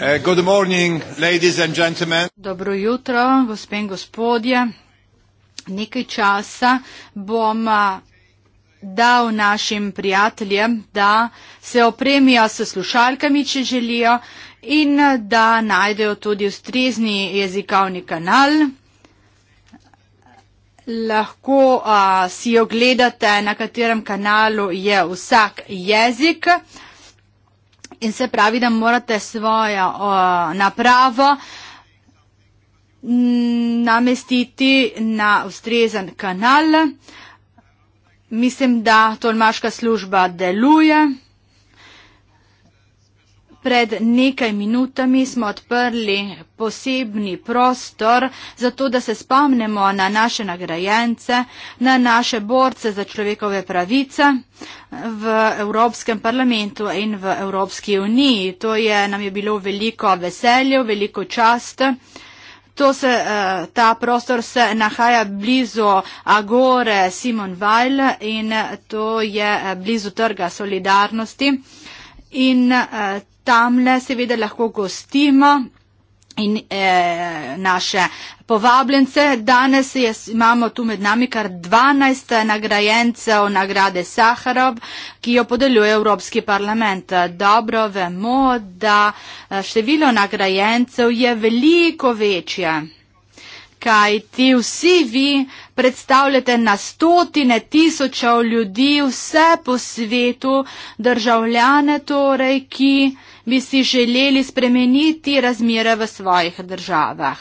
Uh, good morning, ladies and gentlemen. Dobro jutro, gospe in gospodje. Nekaj časa bom uh, dal našim prijateljem, da se opremijo s slušalkami, če želijo, in uh, da najdejo tudi ustrezni jezikovni kanal. Lahko a, si ogledate, na katerem kanalu je vsak jezik. A, in se pravi, da morate svojo uh, napravo mm, namestiti na ustrezen kanal. Mislim, da tolmaška služba deluje. Pred nekaj minutami smo odprli posebni prostor, zato da se spomnimo na naše nagrajence, na naše borce za človekove pravice v Evropskem parlamentu in v Evropski uniji. To je, nam je bilo veliko veselje, veliko čast. Se, eh, ta prostor se nahaja blizu Agore Simon Weil in to je eh, blizu trga solidarnosti. In eh, tamle seveda lahko gostimo in e, naše povabljence. Danes jaz, imamo tu med nami kar 12 eh, nagrajencev nagrade Saharov, ki jo podeljuje Evropski parlament. Dobro vemo, da eh, število nagrajencev je veliko večje. Kaj ti vsi vi predstavljate na stotine tisočev ljudi vse po svetu, državljane torej, ki uh, bi si želeli spremeniti razmere v svojih državah.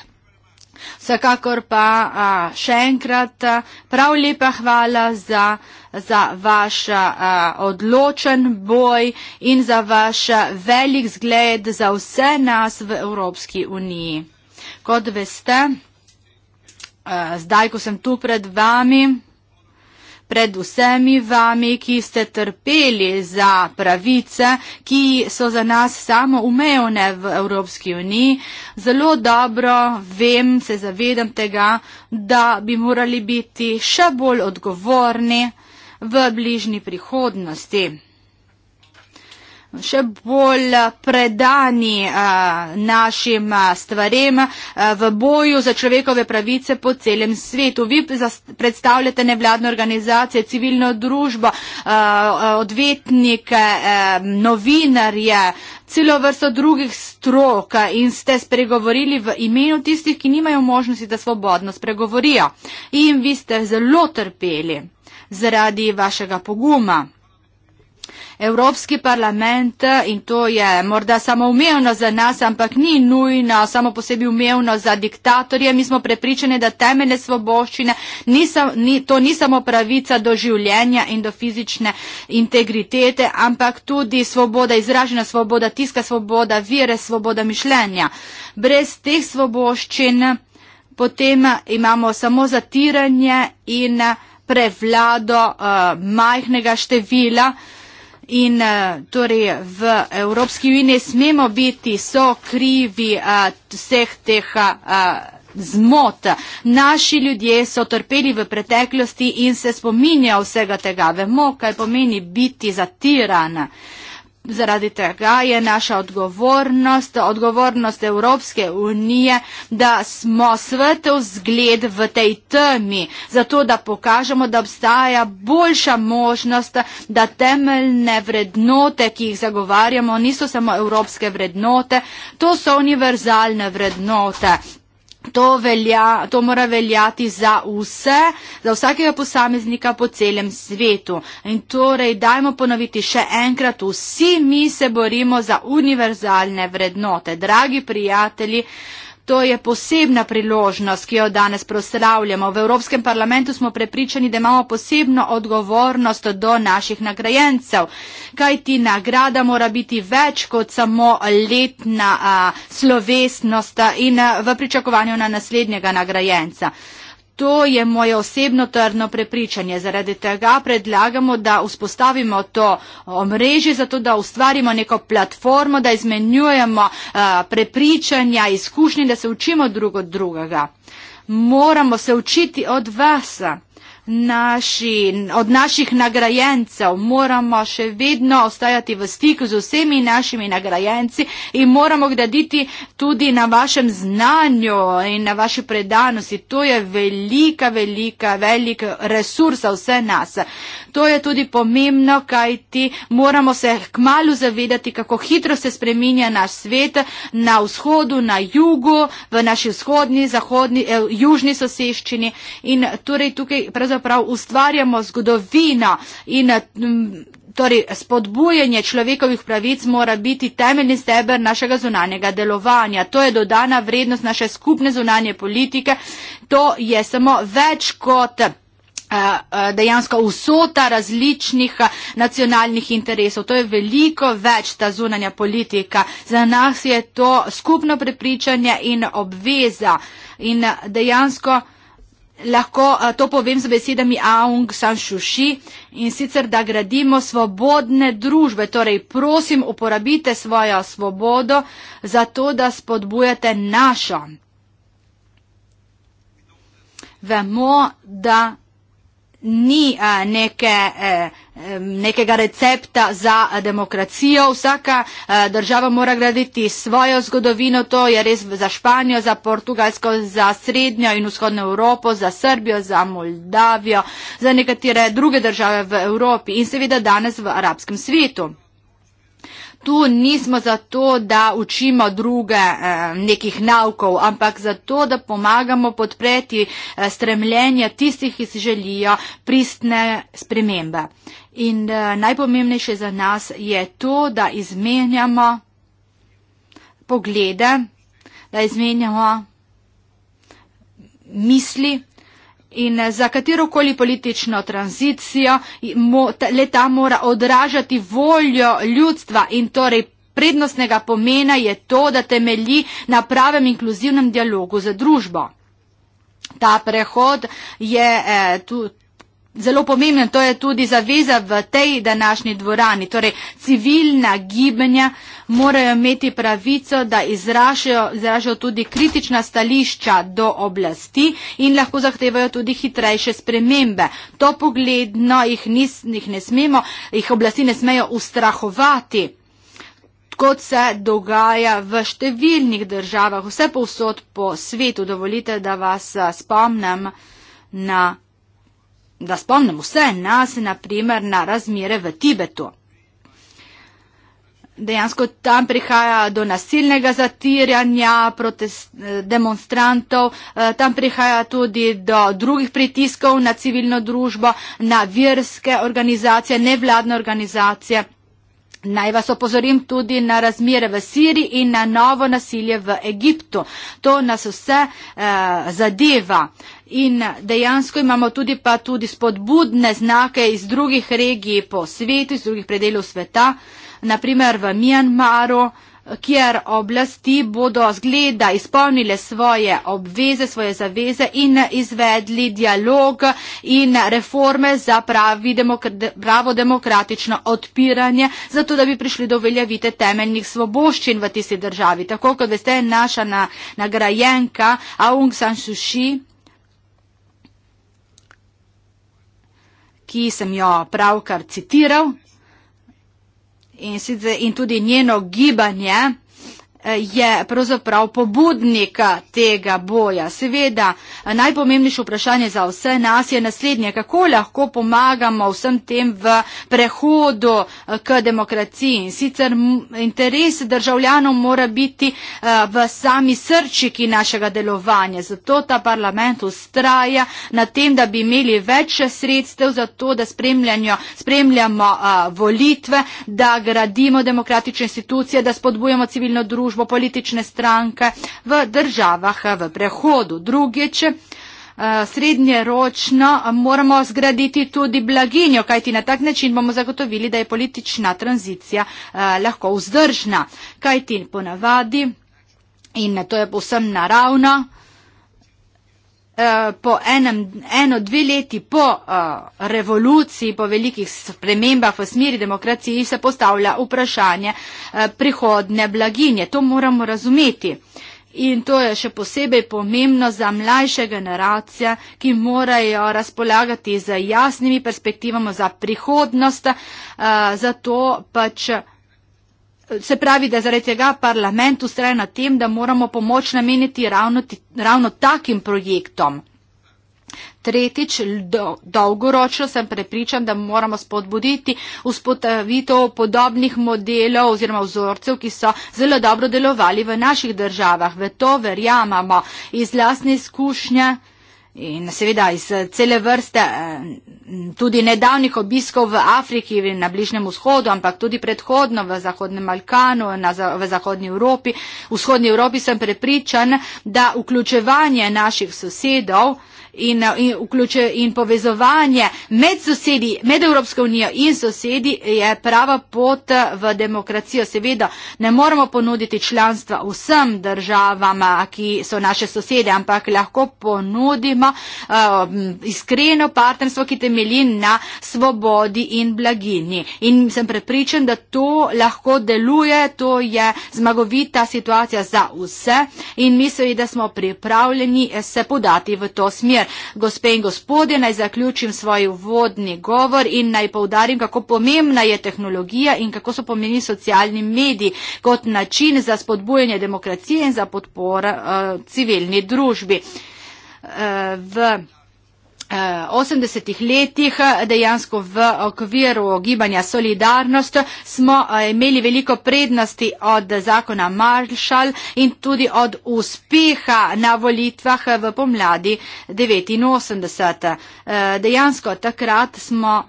Vsekakor pa a, še enkrat a, prav lepa hvala za, za vaš a, odločen boj in za vaš velik zgled za vse nas v Evropski uniji. Kot veste, a, zdaj, ko sem tu pred vami, pred vsemi vami, ki ste trpeli za pravice, ki so za nas samo umevne v Evropski uniji. Zelo dobro vem, se zavedam tega, da bi morali biti še bolj odgovorni v bližnji prihodnosti še bolj predani eh, našim eh, stvarem eh, v boju za človekove pravice po celem svetu. Vi predstavljate nevladne organizacije, civilno družbo, odvetnike, novinarje, celo vrsto drugih strok in ste spregovorili v imenu tistih, ki nimajo možnosti, da svobodno spregovorijo. In vi ste zelo trpeli zaradi vašega poguma. Evropski parlament in to je morda samo umevno za nas, ampak ni nujno samo posebi umevno za diktatorje. Mi smo prepričani, da temeljne svoboščine, ni, to ni samo pravica do življenja in do fizične integritete, ampak tudi svoboda, izražena svoboda, tiska svoboda, vire svoboda mišljenja. Brez teh svoboščin potem imamo samo zatiranje in prevlado uh, majhnega števila, uh, In uh, torej v Evropski uniji ne smemo biti so krivi uh, eh, vseh teh. Uh, Zmot. Naši ljudje so trpeli v preteklosti in se spominjajo vsega tega. Vemo, kaj pomeni biti zatirana. Uh, Zaradi tega je naša odgovornost, odgovornost Evropske unije, da smo svetov zgled v tej temi, zato da pokažemo, da obstaja boljša možnost, da temeljne vrednote, ki jih zagovarjamo, niso samo evropske vrednote, to so univerzalne vrednote. To, velja, to mora veljati za vse, za vsakega posameznika po celem svetu. In torej, dajmo ponoviti še enkrat, vsi mi se borimo za univerzalne vrednote. Dragi prijatelji, To je posebna priložnost, ki jo danes proslavljamo. V Evropskem parlamentu smo prepričani, da imamo posebno odgovornost do naših nagrajencev, kajti nagrada mora biti več kot samo letna a, slovesnost in a, v pričakovanju na naslednjega nagrajenca. To je moje osebno trdno prepričanje. Zaradi tega predlagamo, da vzpostavimo to omrežje, zato da ustvarimo neko platformo, da izmenjujemo uh, prepričanja, izkušnje, da se učimo drug od drugega. Moramo se učiti od vas naši, od naših nagrajencev, moramo še vedno ostajati v stiku z vsemi našimi nagrajenci in moramo graditi tudi na vašem znanju in na vaši predanosti. To je velika, velika, velik resurs za vse nas. To je tudi pomembno, kaj ti moramo se kmalo zavedati, kako hitro se spreminja naš svet na vzhodu, na jugu, v naši vzhodni, zahodni, eh, južni soseščini. In torej tukaj pravzaprav ustvarjamo zgodovino in mm, torej spodbujanje človekovih pravic mora biti temeljni steber našega zunanjega delovanja. To je dodana vrednost naše skupne zunanje politike. To je samo več kot dejansko vsota različnih nacionalnih interesov. To je veliko več ta zunanja politika. Za nas je to skupno prepričanje in obveza. In dejansko lahko to povem z besedami Aung San Suu Kyi in sicer, da gradimo svobodne družbe. Torej, prosim, uporabite svojo svobodo za to, da spodbujate našo. Vemo, da ni eh, neke, eh, nekega recepta za eh, demokracijo. Vsaka država mora graditi svojo zgodovino, to je res za Španijo, za Portugalsko, za Srednjo in Vzhodno Evropo, za Srbijo, za Moldavijo, za nekatere druge države v Evropi in seveda danes v arabskem svetu tu nismo zato, da učimo druge eh, nekih naukov, ampak zato, da pomagamo podpreti eh, stremljenja tistih, ki si želijo pristne spremembe. In eh, najpomembnejše za nas je to, da izmenjamo poglede, da izmenjamo misli, in eh, za katerokoli politično tranzicijo le ta mora odražati voljo ljudstva in torej prednostnega pomena je to, da temelji na pravem inkluzivnem dialogu za družbo. Ta prehod je eh, tudi zelo pomemben, to je tudi zaveza v tej današnji dvorani. Torej, civilna gibanja morajo imeti pravico, da izražajo, izražajo tudi kritična stališča do oblasti in lahko zahtevajo tudi hitrejše spremembe. To pogledno jih, nis, jih ne smemo, jih oblasti ne smejo ustrahovati kot se dogaja v številnih državah, vse povsod po svetu. Dovolite, da vas eh, spomnem na da spomnim vse nas, naprimer, na razmere v Tibetu. Dejansko tam prihaja do nasilnega zatiranja protest, demonstrantov, eh, tam prihaja tudi do drugih pritiskov na civilno družbo, na verske organizacije, nevladne organizacije. Naj vas opozorim tudi na razmire v Siriji in na novo nasilje v Egiptu. To nas vse eh, zadeva. In dejansko imamo tudi pa tudi spodbudne znake iz drugih regij po svetu, iz drugih predelov sveta, naprimer v Mjanmaru, kjer oblasti bodo zgleda izpolnile svoje obveze, svoje zaveze in izvedli dialog in reforme za pravi demokra pravo demokratično odpiranje, zato da bi prišli do veljavite temeljnih svoboščin v tisti državi. Tako kot veste, naša na nagrajenka Aung San Suu Kyi, ki sem jo pravkar citiral, in, sicer, in tudi njeno gibanje, je pravzaprav pobudnik eh, tega boja. Seveda, eh, najpomembnejše vprašanje za vse nas je naslednje, kako lahko pomagamo vsem tem v prehodu eh, k demokraciji. In sicer interes državljanov mora biti v sami srčiki našega delovanja. Zato ta parlament ustraja na tem, da bi imeli več sredstev za to, da spremljamo volitve, da gradimo demokratične institucije, da spodbujamo civilno družbo, službo politične stranke v državah eh, v prehodu. Drugič, eh, srednjeročno eh, moramo zgraditi tudi blaginjo, kajti na tak način bomo zagotovili, da je politična tranzicija lahko vzdržna, kajti ponavadi in to je povsem naravno. Eh, po enem, eno, dve leti po uh, revoluciji, po velikih spremembah v smeri demokracije, se postavlja vprašanje uh, eh, prihodne blaginje. To moramo razumeti. In to je še posebej pomembno za mlajše generacije, ki morajo razpolagati z jasnimi perspektivami za prihodnost, uh, zato pač se pravi, da zaradi tega parlament ustraja na tem, da moramo pomoč nameniti ravno, ravno takim projektom. Tretjič, do, dolgoročno sem prepričan, da moramo spodbuditi vzpotavitev podobnih modelov oziroma vzorcev, ki so zelo dobro delovali v naših državah. V to verjamamo iz lasne izkušnje. In seveda iz eh, cele vrste eh, tudi nedavnih obiskov v Afriki in na Bližnem vzhodu, ampak tudi predhodno v Zahodnem Balkanu, v Zahodnji Evropi, v Vzhodnji Evropi sem prepričan, da vključevanje naših sosedov, in, eh, in, vključe, in povezovanje med sosedi, med Evropsko unijo in sosedi je prava pot eh, v demokracijo. Seveda ne moramo ponuditi članstva vsem državam, eh, ki so naše sosede, ampak lahko ponudimo uh, iskreno partnerstvo, ki temelji na svobodi in blaginji. In sem prepričan, da to lahko deluje, to je zmagovita situacija za vse in mislim, da smo pripravljeni se podati v to smer. Gospe in gospodje, naj zaključim svoj vodni govor in naj povdarim, kako pomembna je tehnologija in kako so pomeni socialni mediji kot način za spodbujanje demokracije in za podporo uh, civilni družbi. Uh, 80-ih eh, letih eh, dejansko v okviru gibanja Solidarnost smo eh, imeli veliko prednosti od zakona Marshall in tudi od uspeha na volitvah v pomladi 89. Dejansko takrat smo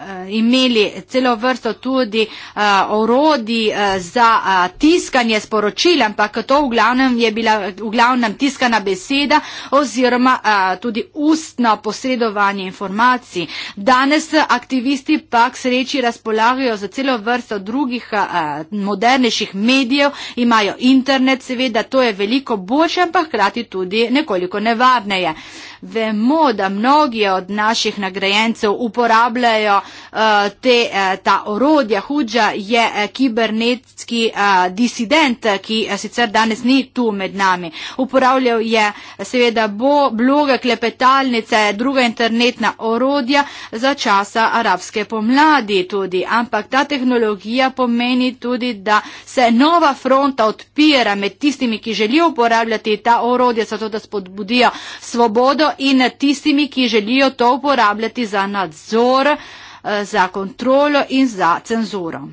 Eh, imeli celo vrsto tudi uh, orodij uh, za uh, tiskanje sporočil, ampak to v glavnem je bila v glavnem tiskana beseda oziroma uh, tudi ustno posredovanje informacij. Danes aktivisti pak sreči razpolagajo za celo vrsto drugih uh, modernejših medijev, imajo internet, seveda to je veliko boljše, ampak hkrati tudi nekoliko nevarneje. Vemo, da mnogi od naših nagrajencev uporabljajo Eh, te, eh, ta orodja Huđa je eh, kibernetski disident, ki sicer danes ni tu med nami. Uporabljal je seveda bo, bloge, klepetalnice, druga internetna orodja za časa arabske pomladi tudi. Ampak ta tehnologija pomeni tudi, da se nova fronta odpira med tistimi, ki želijo uporabljati ta orodje, zato da spodbudijo svobodo in tistimi, ki želijo to uporabljati za nadzor uh, Eh, za kontrolo in za cenzuro.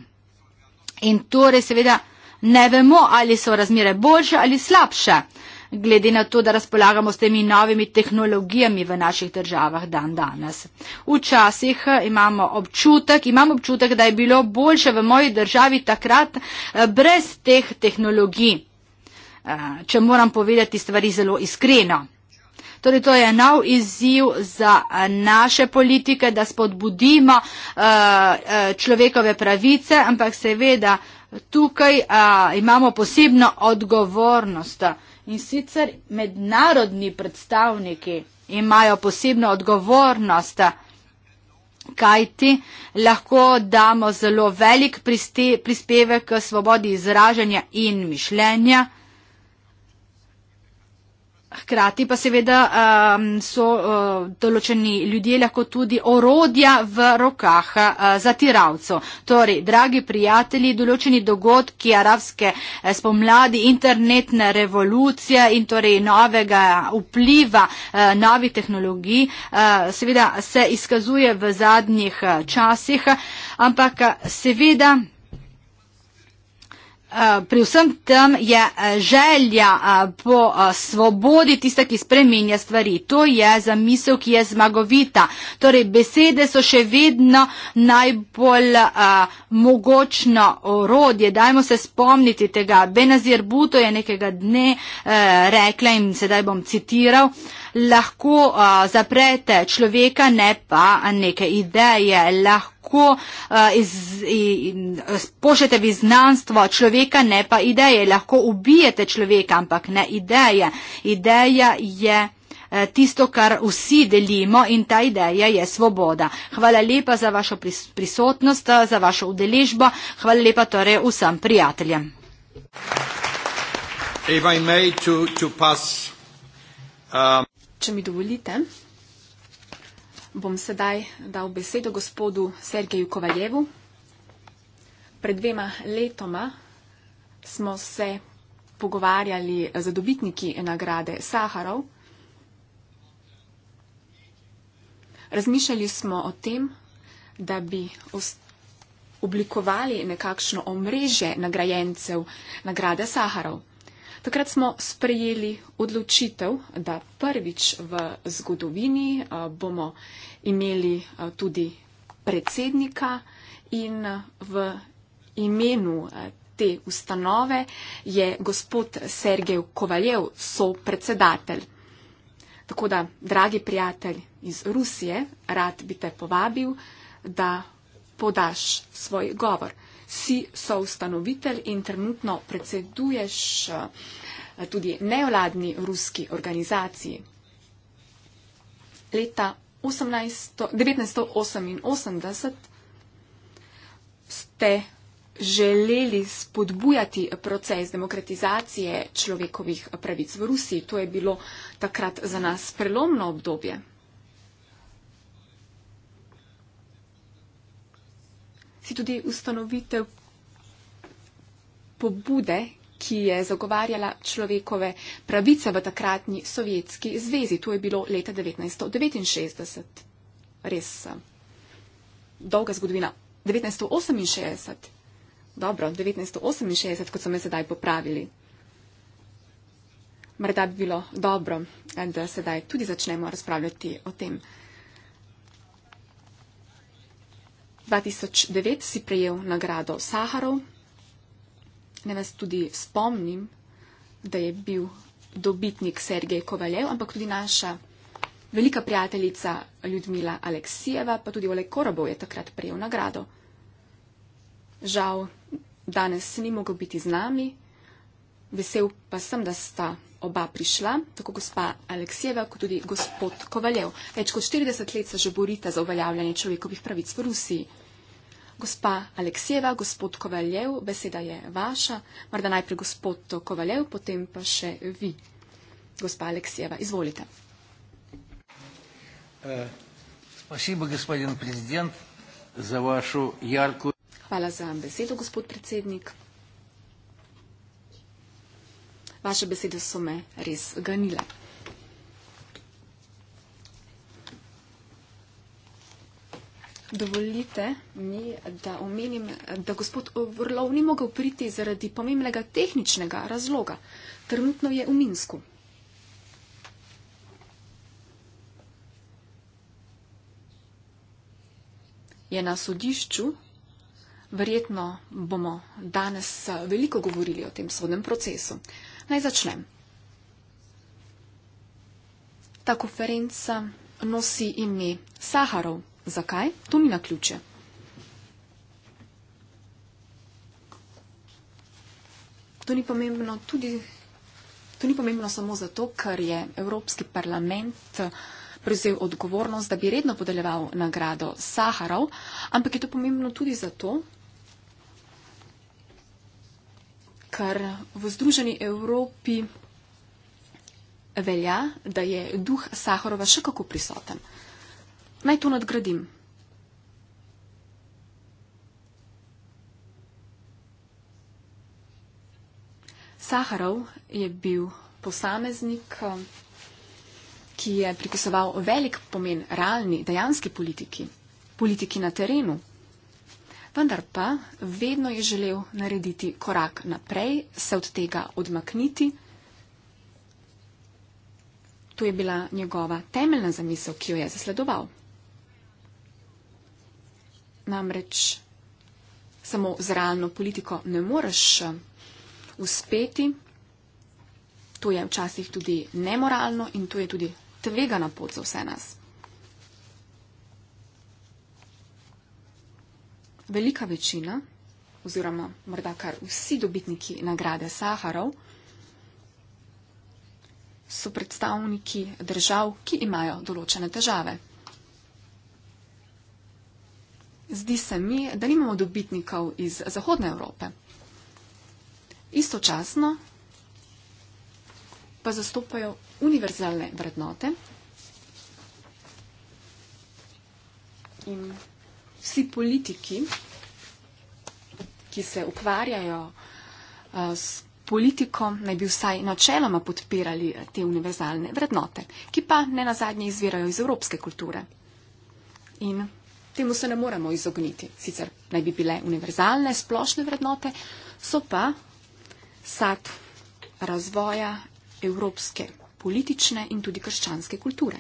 In torej seveda ne vemo, ali so razmere boljše ali slabše, glede na to, da razpolagamo s temi novimi tehnologijami v naših državah dan danes. Včasih eh, imamo občutek, imam občutek, da je bilo boljše v moji državi takrat eh, brez teh tehnologij, če moram povedati stvari zelo iskreno. Torej, to je nov izziv za eh, naše politike, da spodbudimo eh, eh, človekove pravice, ampak seveda tukaj imamo posebno odgovornost in sicer mednarodni predstavniki imajo posebno odgovornost, kajti lahko damo zelo velik prispevek k svobodi izražanja in mišljenja. Hkrati pa seveda um, so uh, določeni ljudje lahko tudi orodja v rokah uh, zatiravcev. Torej, dragi prijatelji, določeni dogodki arabske eh, spomladi, internetna revolucija in torej novega vpliva uh, novih tehnologij uh, seveda se izkazuje v zadnjih časih, ampak seveda. Eh, pri vsem tem je eh, želja eh, po svobodi tista, ki spremenja stvari. To je zamisel, ki je zmagovita. Torej, besede so še vedno najbolj mogočno orodje. Dajmo se spomniti tega. Benazir Buto je nekega dne rekla in sedaj bom citiral lahko uh, zaprete človeka, ne pa neke ideje. Lahko Lahko pošljete viznanstvo človeka, ne pa ideje. Lahko ubijete človeka, ampak ne ideje. Ideja je tisto, kar vsi delimo in ta ideja je svoboda. Hvala lepa za vašo prisotnost, za vašo udeležbo. Hvala lepa torej vsem prijateljem če mi dovolite, bom sedaj dal besedo gospodu Sergeju Kovaljevu. Pred dvema letoma smo se pogovarjali z dobitniki nagrade Saharov. Razmišljali smo o tem, da bi oblikovali nekakšno omrežje nagrajencev nagrade Saharov. Takrat smo sprejeli odločitev, da prvič v zgodovini bomo imeli tudi predsednika in v imenu te ustanove je gospod Sergej Kovaljev, so predsedatelj. Tako da, dragi prijatelj iz Rusije, rad bi te povabil, da podaš svoj govor si soustanovitelj in trenutno predseduješ eh, tudi nevladni ruski organizaciji. Leta 18, 1988 ste želeli spodbujati proces demokratizacije človekovih pravic v Rusiji. To je bilo takrat za nas prelomno obdobje. si tudi ustanovitev pobude, ki je zagovarjala človekove pravice v takratni Sovjetski zvezi. To je bilo leta 1969. Res eh, dolga zgodovina. 1968. Dobro, 1968, kot so me sedaj popravili. Morda bi bilo dobro, eh, da sedaj tudi začnemo razpravljati o tem. 2009 si prejel nagrado Saharov. Ne vas tudi spomnim, da je bil dobitnik Sergej Kovalev, ampak tudi naša velika prijateljica Ljudmila Aleksijeva, pa tudi Oleg Korobov je takrat prejel nagrado. Žal, danes ni mogel biti z nami. Vesel pa sem, da sta oba prišla, tako gospa Aleksijeva, kot tudi gospod Kovaljev. Več kot 40 let se že borite za uveljavljanje človekovih pravic v Rusiji. Gospa Aleksijeva, gospod Kovaljev, beseda je vaša, morda najprej gospod Kovaljev, potem pa še vi. Gospa Aleksijeva, izvolite. Eh, Hvala za besedo, gospod predsednik. Vaše besede so me res ganile. Dovolite mi, da omenim, da gospod Vrlov ni mogel priti zaradi pomembnega tehničnega razloga. Trenutno je v Minsku. Je na sodišču. Verjetno bomo danes eh, veliko govorili o tem sodnem procesu. Naj začnem. Ta konferenca nosi ime Saharov. Zakaj? To ni na ključe. To ni pomembno tudi. To ni pomembno samo zato, ker je Evropski parlament eh, prevzel odgovornost, da bi redno podeljeval nagrado Saharov, ampak je to pomembno tudi zato, ker v Združeni Evropi velja, da je duh Saharova še kako prisoten. Naj to nadgradim. Saharov je bil posameznik, ki je pripisoval velik pomen realni, dejanski politiki, politiki na terenu vendar pa vedno je želel narediti korak naprej, se od tega odmakniti. To je bila njegova temeljna zamisel, ki jo je zasledoval. Namreč samo z realno politiko ne moreš um, uspeti. To je včasih tudi nemoralno in to je tudi tvega na pot za vse nas. velika večina, oziroma morda kar vsi dobitniki nagrade Saharov, so predstavniki držav, ki imajo določene težave. Zdi se mi, da nimamo dobitnikov iz Zahodne Evrope. Istočasno pa zastopajo univerzalne vrednote in vsi politiki, ki se ukvarjajo uh, s politiko, naj bi vsaj načeloma podpirali eh, te univerzalne vrednote, ki pa ne nazadnje izvirajo iz evropske kulture. In temu se ne moremo izogniti. Sicer naj bi bile univerzalne, splošne vrednote, so pa sad razvoja evropske politične in tudi krščanske kulture.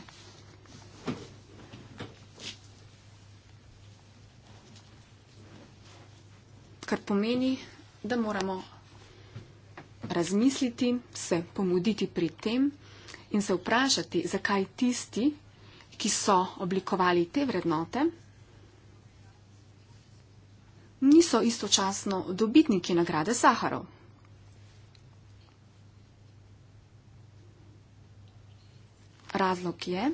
kar pomeni, da moramo razmisliti, se pomuditi pri tem in se vprašati, zakaj tisti, ki so oblikovali te vrednote, niso istočasno dobitniki nagrade Saharov. Razlog je,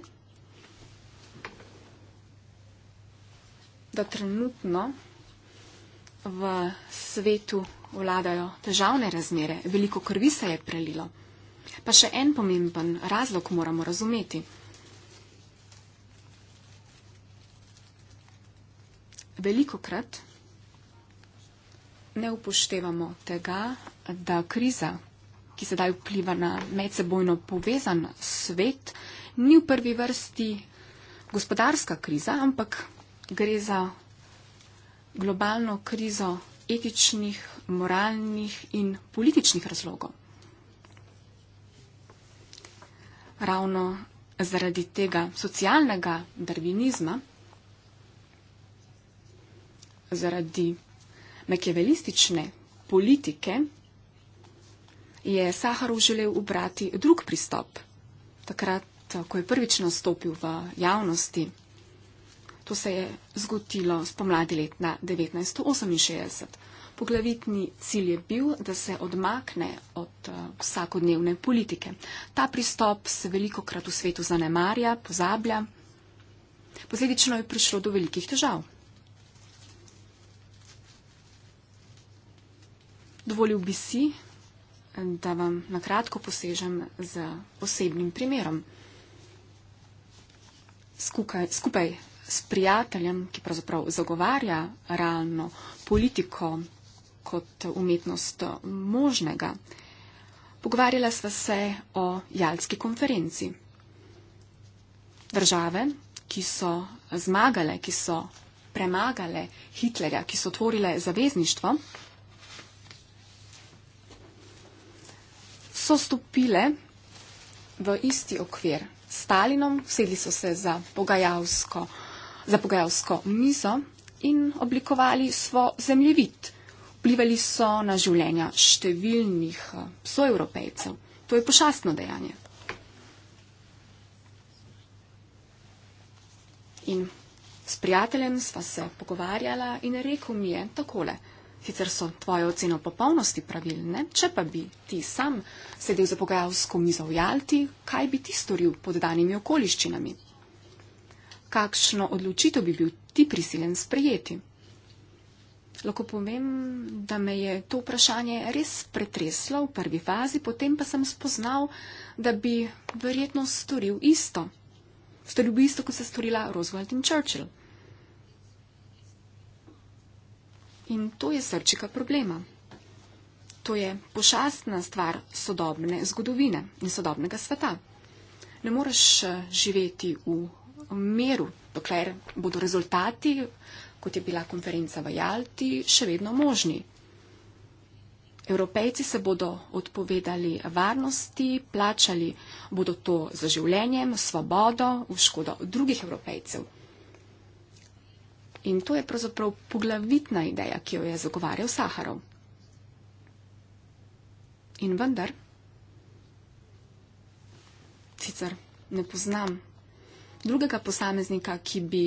da trenutno v svetu vladajo težavne razmere, veliko krvi se je prelilo. Pa še en pomemben razlog moramo razumeti. Velikokrat ne upoštevamo tega, da kriza, ki sedaj vpliva na medsebojno povezan svet, ni v prvi vrsti gospodarska kriza, ampak gre za globalno krizo etičnih, moralnih in političnih razlogov. Ravno zaradi tega socialnega darvinizma, zaradi mekevelistične politike, je Saharov želel ubrati drug pristop. Takrat, ko je prvič nastopil v javnosti, To se je zgodilo spomladi leta 1968. Poglavitni cilj je bil, da se odmakne od eh, vsakodnevne politike. Ta pristop se veliko krat v svetu zanemarja, pozablja. Posledično je prišlo do velikih težav. Dovolil bi si, da vam na kratko posežem z osebnim primerom. Skukaj, skupaj s prijateljem, ki pravzaprav zagovarja realno politiko kot umetnost možnega, pogovarjala sva se o Jalski konferenci. Države, ki so zmagale, ki so premagale Hitlerja, ki so tvorile zavezništvo, so stopile v isti okvir s Stalinom, sedli so se za pogajalsko mizo za pogajalsko mizo in oblikovali svoj zemljevid. Vplivali so na življenja številnih eh, soevropejcev. To je pošastno dejanje. In s prijateljem sva se pogovarjala in rekel mi je takole. Sicer so tvoje ocene v popolnosti pravilne, če pa bi ti sam sedel za pogajalsko mizo v Jalti, kaj bi ti storil pod danimi okoliščinami? kakšno odločitev bi bil ti prisilen sprejeti? Lahko povem, da me je to vprašanje res pretreslo v prvi fazi, potem pa sem spoznal, da bi verjetno storil isto. Storil bi isto, kot se storila Roosevelt in Churchill. In to je srčika problema. To je pošastna stvar sodobne zgodovine in sodobnega sveta. Ne moreš eh, živeti v miru, dokler bodo rezultati, kot je bila konferenca v Jalti, še vedno možni. Evropejci se bodo odpovedali varnosti, plačali bodo to za življenjem, svobodo, v škodo drugih evropejcev. In to je pravzaprav poglavitna ideja, ki jo je zagovarjal Saharov. In vendar, sicer ne poznam drugega posameznika, ki bi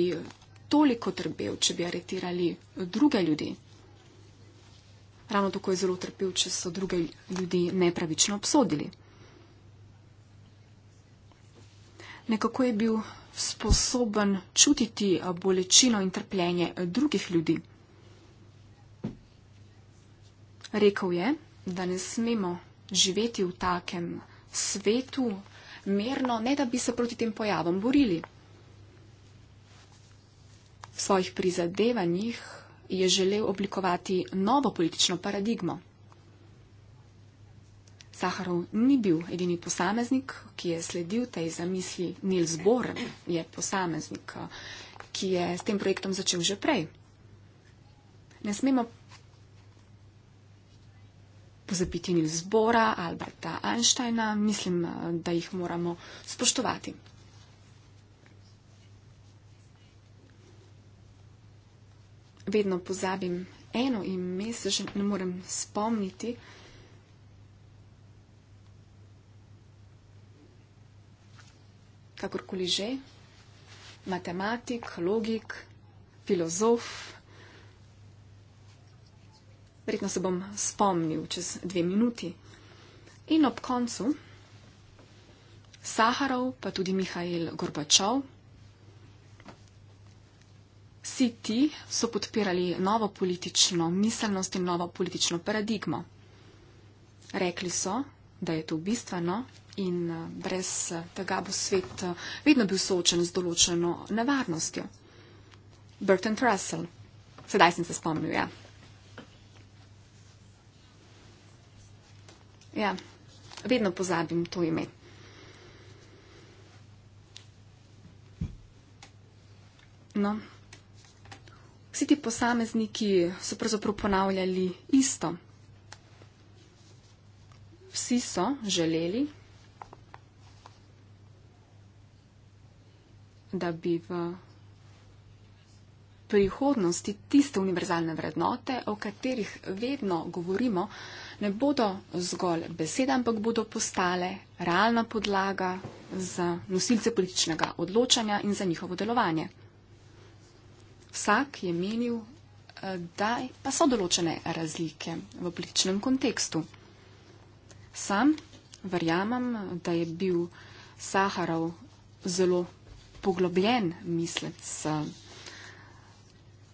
toliko trpel, če bi aretirali druge ljudi. Ravno tako je zelo trpel, če so druge ljudi nepravično obsodili. Nekako je bil sposoben čutiti bolečino in trpljenje drugih ljudi. Rekl je, da ne smemo živeti v takem svetu, mirno, ne da bi se proti tem pojavom borili. V svojih prizadevanjih je želel oblikovati novo politično paradigmo. Saharov ni bil edini posameznik, ki je sledil tej zamisli. Nils Bohr je posameznik, ki je s tem projektom začel že prej. Ne smemo za biti Nilsbora, Alberta Einsteina, mislim, eh, da jih moramo spoštovati. Vedno pozabim eno ime, se že ne morem spomniti. Kakorkoli že, matematik, logik, filozof, Verjetno se bom spomnil čez dve minuti. In ob koncu Saharov, pa tudi Mihajl Gorbačov, vsi ti so podpirali novo politično miselnost in novo politično paradigmo. Rekli so, da je to bistveno in eh, brez eh, tega bo svet eh, vedno bil soočen z določeno nevarnostjo. Burton Russell. Sedaj sem se spomnil, ja. Ja, vedno pozabim to ime. No. Vsi ti posamezniki so pravzaprav ponavljali isto. Vsi so želeli, da bi v prihodnosti tiste univerzalne vrednote, o katerih vedno govorimo, ne bodo zgolj besede, ampak bodo postale realna podlaga za nosilce političnega odločanja in za njihovo delovanje. Vsak je menil, eh, da pa so določene razlike v političnem kontekstu. Sam verjamem, da je bil Saharov zelo poglobljen mislec eh,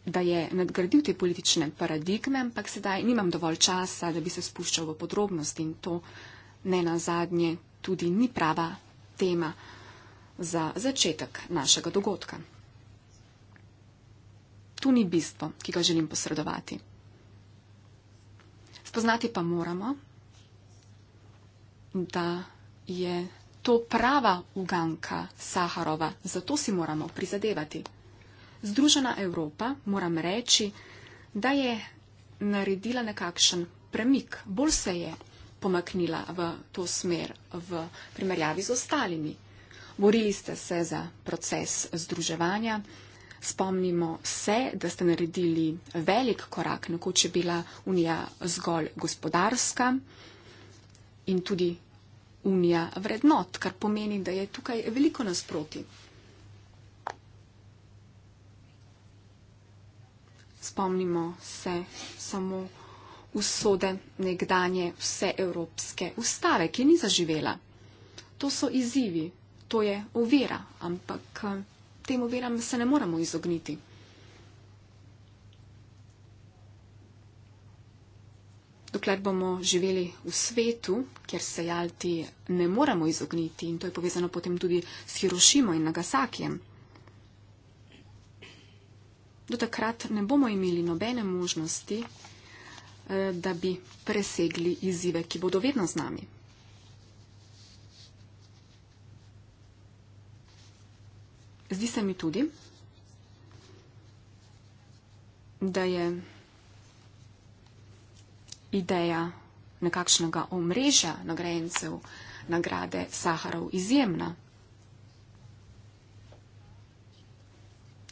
da je nadgradil te politične paradigme, ampak sedaj nimam dovolj časa, da bi se spuščal v podrobnosti in to ne na zadnje tudi ni prava tema za začetek našega dogodka. Tu ni bistvo, ki ga želim posredovati. Spoznati pa moramo, da je to prava uganka Saharova, zato si moramo prizadevati. Združena Evropa, moram reči, da je naredila nekakšen premik, bolj se je pomaknila v to smer v primerjavi z ostalimi. Borili ste se za proces združevanja. Spomnimo se, da ste naredili velik korak, nekoč je bila unija zgolj gospodarska in tudi unija vrednot, kar pomeni, da je tukaj veliko nasproti. spomnimo se samo usode nekdanje vseevropske ustave, ki ni zaživela. To so izzivi, to je ovira, ampak eh, tem ovirama se ne moramo izogniti. Dokler bomo živeli v svetu, kjer se Jalti ne moremo izogniti, in to je povezano potem tudi s Hirošimo in Nagasakijem, do takrat ne bomo imeli nobene možnosti, eh, da bi presegli izzive, ki bodo vedno z nami. Zdi se mi tudi, da je ideja nekakšnega omrežja nagrajencev nagrade Saharov izjemna.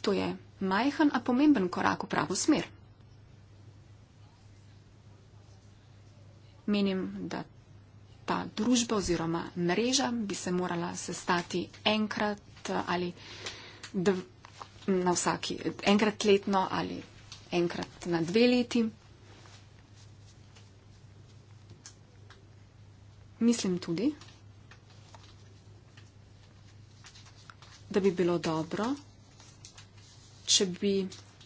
To je majhen, a pomemben korak v pravo smer. Menim, da ta družba oziroma mreža bi se morala sestati enkrat eh, ali dv, na vsaki enkrat letno ali enkrat na dve leti. Mislim tudi, da bi bilo dobro, če bi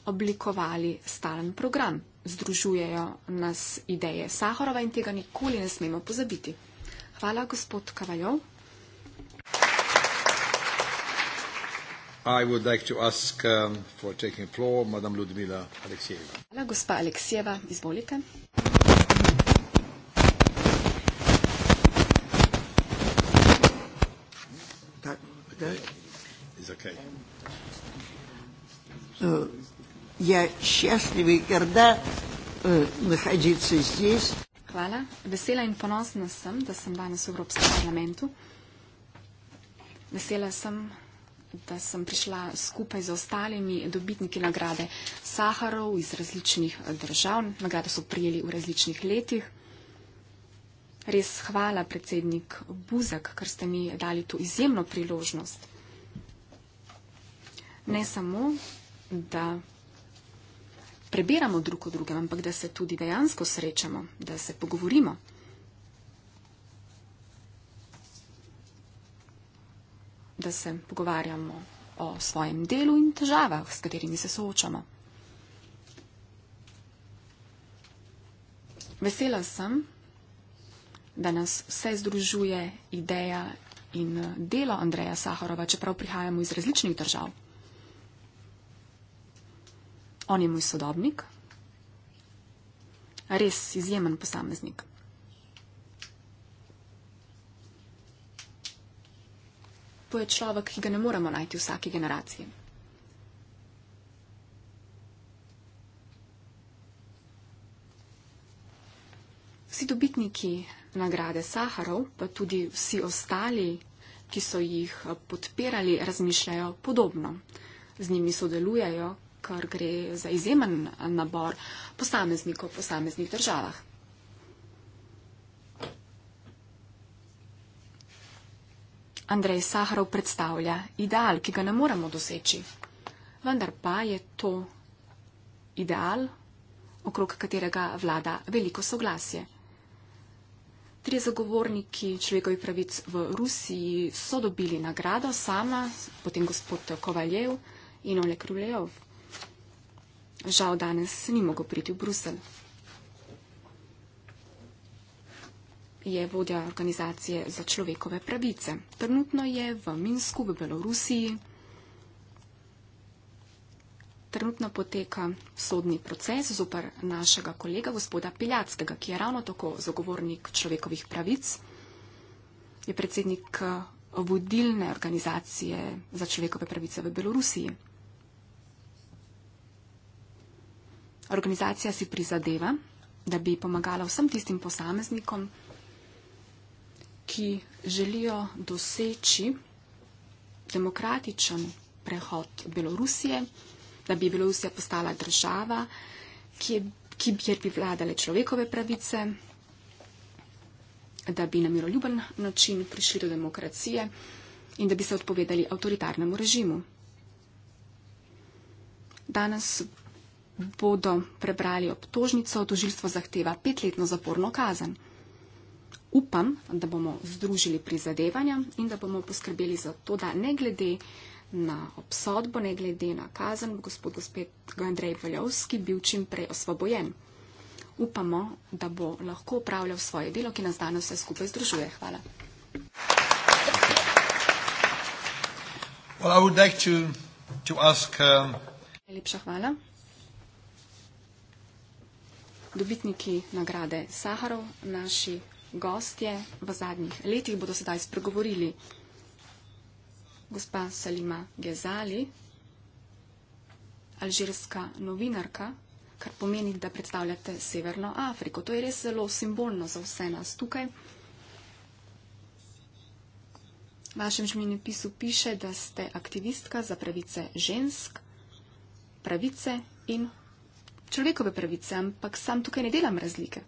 oblikovali stalen program. Združujejo nas ideje Saharova in tega nikoli ne smemo pozabiti. Hvala, gospod Kavajov. Like ask, um, floor, Hvala, gospa Aleksijeva. Izvolite. Tak, da. Okay. Я счастлива и горда находиться здесь. Hvala. Vesela in ponosna sem, da sem danes v Evropskem parlamentu. Vesela sem, da sem prišla skupaj z ostalimi dobitniki nagrade Saharov iz različnih eh, držav. Nagrade so prijeli v različnih letih. Res hvala, predsednik Buzek, ker ste mi dali to izjemno priložnost. Ne samo, da preberamo drug o drugem, ampak da se tudi dejansko srečamo, da se pogovorimo. Da se pogovarjamo o svojem delu in težavah, s katerimi se soočamo. Vesela sem, da nas vse združuje ideja in delo Andreja Sahorova, čeprav prihajamo iz različnih držav. On je moj sodobnik, res izjemen posameznik. To je človek, ki ga ne moremo najti v vsaki generaciji. Vsi dobitniki nagrade Saharov, pa tudi vsi ostali, ki so jih podpirali, razmišljajo podobno. Z njimi sodelujejo, kar gre za izjemen nabor posameznikov v posameznih državah. Andrej Saharov predstavlja ideal, ki ga ne moremo doseči, vendar pa je to ideal, okrog katerega vlada veliko soglasje. Tri zagovorniki človekovih pravic v Rusiji so dobili nagrado, sama, potem gospod Kovaljev in Oleg Ruljev, Žal danes ni mogel priti v Bruselj. Je vodja organizacije za človekove pravice. Trenutno je v Minsku v Belorusiji. Trenutno poteka sodni proces zoper našega kolega gospoda Piljackega, ki je ravno tako zagovornik človekovih pravic. Je predsednik eh, vodilne organizacije za človekove pravice v Belorusiji. Organizacija si prizadeva, da bi pomagala vsem tistim posameznikom, ki želijo doseči demokratičen prehod Belorusije, da bi Belorusija postala država, kjer bi vladale človekove pravice, da bi na miroljuben način prišli do demokracije in da bi se odpovedali avtoritarnemu režimu. Danes bodo prebrali obtožnico, tožilstvo zahteva petletno zaporno kazen. Upam, da bomo združili prizadevanja in da bomo poskrbeli za to, da ne glede na obsodbo, ne glede na kazen, bo gospod gospod Andrej Valjovski bil čim prej osvobojen. Upamo, da bo lahko upravljal svoje delo, ki nas danes vse skupaj združuje. Hvala. Well, to, to ask, um... Najlepša hvala dobitniki nagrade Saharov, naši gostje v zadnjih letih bodo sedaj spregovorili. Gospa Salima Gezali, alžirska novinarka, kar pomeni, da predstavljate Severno Afriko. To je res zelo simbolno za vse nas tukaj. V vašem žminepisu piše, da ste aktivistka za pravice žensk, pravice in človekove pravice, ampak sam tukaj ne delam razlike.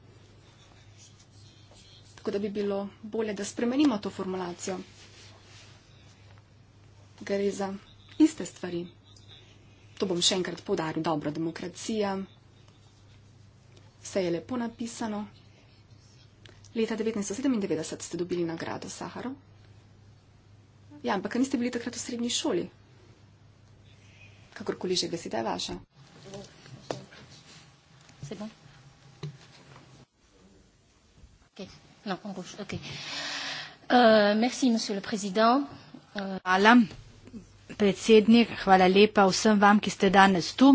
Tako da bi bilo bolje, da spremenimo to formulacijo. Gre za iste stvari. To bom še enkrat povdaril. Dobro, demokracija. Vse je lepo napisano. Leta 1997 ste dobili nagrado Saharov. Ja, ampak niste bili takrat v srednji šoli. Kakorkoli že, beseda je vaša. C'est bon Ok. Non, en rouge. Ok. Euh, merci, Monsieur le Président. Euh... Alam. Predsednik, hvala lepa vsem vam, ki ste danes tu.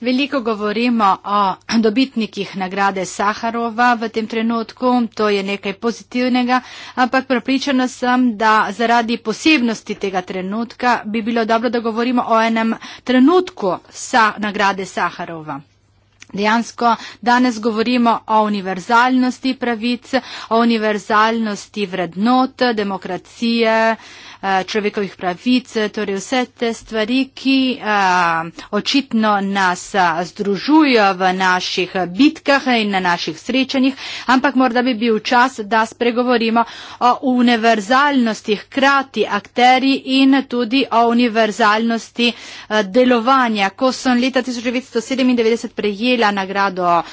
Veliko govorimo o dobitnikih nagrade Saharova v tem trenutku, to je nekaj pozitivnega, ampak prepričana sem, da zaradi posebnosti tega trenutka bi bilo dobro, da govorimo o enem trenutku sa nagrade Saharova. Dejansko danes govorimo o univerzalnosti pravic, o univerzalnosti vrednot, demokracije, Eh, človekovih pravic, torej vse te stvari, ki a, eh, očitno nas a, eh, združujo v naših bitkah in na naših srečanjih, ampak morda bi bil čas, da spregovorimo o univerzalnosti hkrati akteri in tudi o univerzalnosti a, delovanja. Ko sem leta 1997 prejela nagrado a,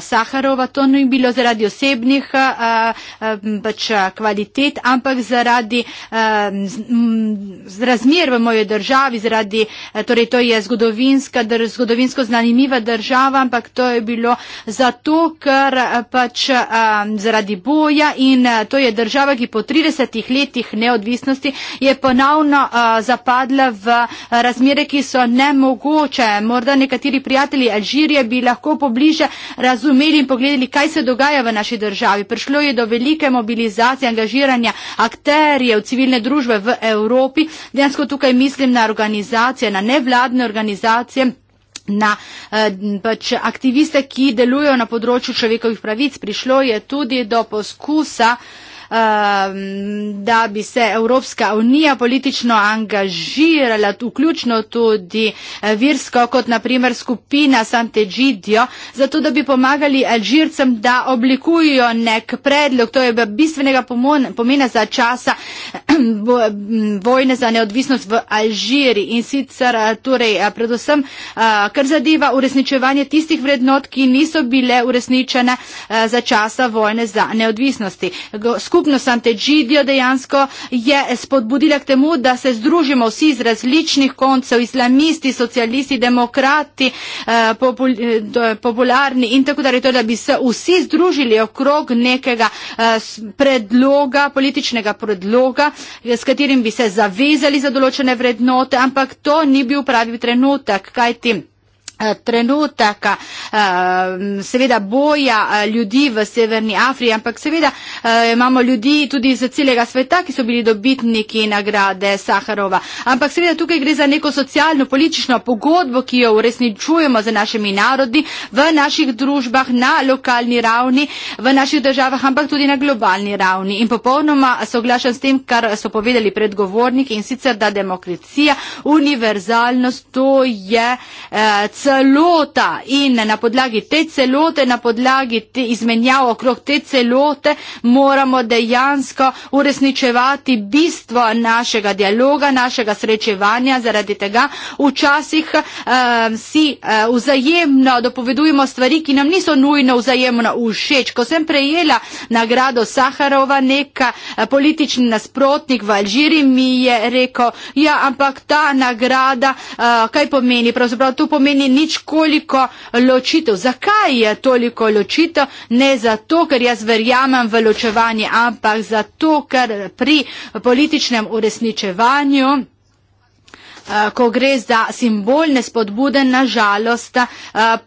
Saharova, to ni bilo zaradi osebnih a, a, pač, kvalitet, ampak zaradi a, z, m, razmer v moji državi, zaradi, eh, torej to je dr, zgodovinsko zanimiva država, ampak to je bilo zato, ker eh, pač a, eh, zaradi boja in a, to je država, ki po 30 letih neodvisnosti je ponovno a, zapadla v razmere, ki so nemogoče. Morda nekateri prijatelji Alžirije bi lahko pobliže razumeli in pogledali, kaj se dogaja v naši državi. Prišlo je do velike mobilizacije, angažiranja akterjev, civilne družbe, službe v Evropi. Dejansko tukaj mislim na organizacije, na nevladne organizacije na eh, pač aktiviste, ki delujejo na področju človekovih pravic. Prišlo je tudi do poskusa uh, Ehm, da bi se Evropska unija politično angažirala, vključno tudi eh, virsko, kot naprimer skupina Sant'Egidio, zato da bi pomagali Alžircem, da oblikujo nek predlog. To je bistvenega pomena za časa vojne za neodvisnost v Alžiri in sicer eh, torej, eh, predvsem, kar zadeva uresničevanje tistih vrednot, ki niso bile uresničene za časa vojne za neodvisnosti. Skup skupno Sant'Egidio dejansko je spodbudila k temu, da se združimo vsi iz različnih koncev, islamisti, socialisti, demokrati, eh, eh, popularni in tako dalje, torej da bi se vsi združili okrog nekega eh, predloga, političnega predloga, s katerim bi se zavezali za določene vrednote, ampak to ni bil pravi trenutek, kaj tim. Eh, trenutek eh, seveda boja eh, ljudi v Severni Afriji, ampak seveda imamo ljudi tudi iz celega sveta, ki so bili dobitniki nagrade Saharova. Ampak seveda tukaj gre za neko socialno, politično pogodbo, ki jo uresničujemo z našimi narodi v naših družbah na lokalni ravni, v naših državah, ampak tudi na globalni ravni. In popolnoma soglašam s tem, kar so povedali predgovorniki in sicer, da demokracija, univerzalnost, to je eh, celota in na podlagi te celote, na podlagi izmenjav okrog te celote moramo dejansko uresničevati bistvo našega dialoga, našega srečevanja. Zaradi tega včasih eh, si eh, vzajemno dopovedujemo stvari, ki nam niso nujno vzajemno všeč. Ko sem prejela nagrado Saharova, neka eh, politični nasprotnik v Alžiri mi je rekel, ja, ampak ta nagrada, eh, kaj pomeni? Pravzaprav to pomeni ničkoliko ločitev. Zakaj je toliko ločitev? Ne zato, ker jaz verjamem v ločevanje, ampak zato, ker pri političnem uresničevanju Eh, ko gre za simbolne spodbude, na žalost, eh,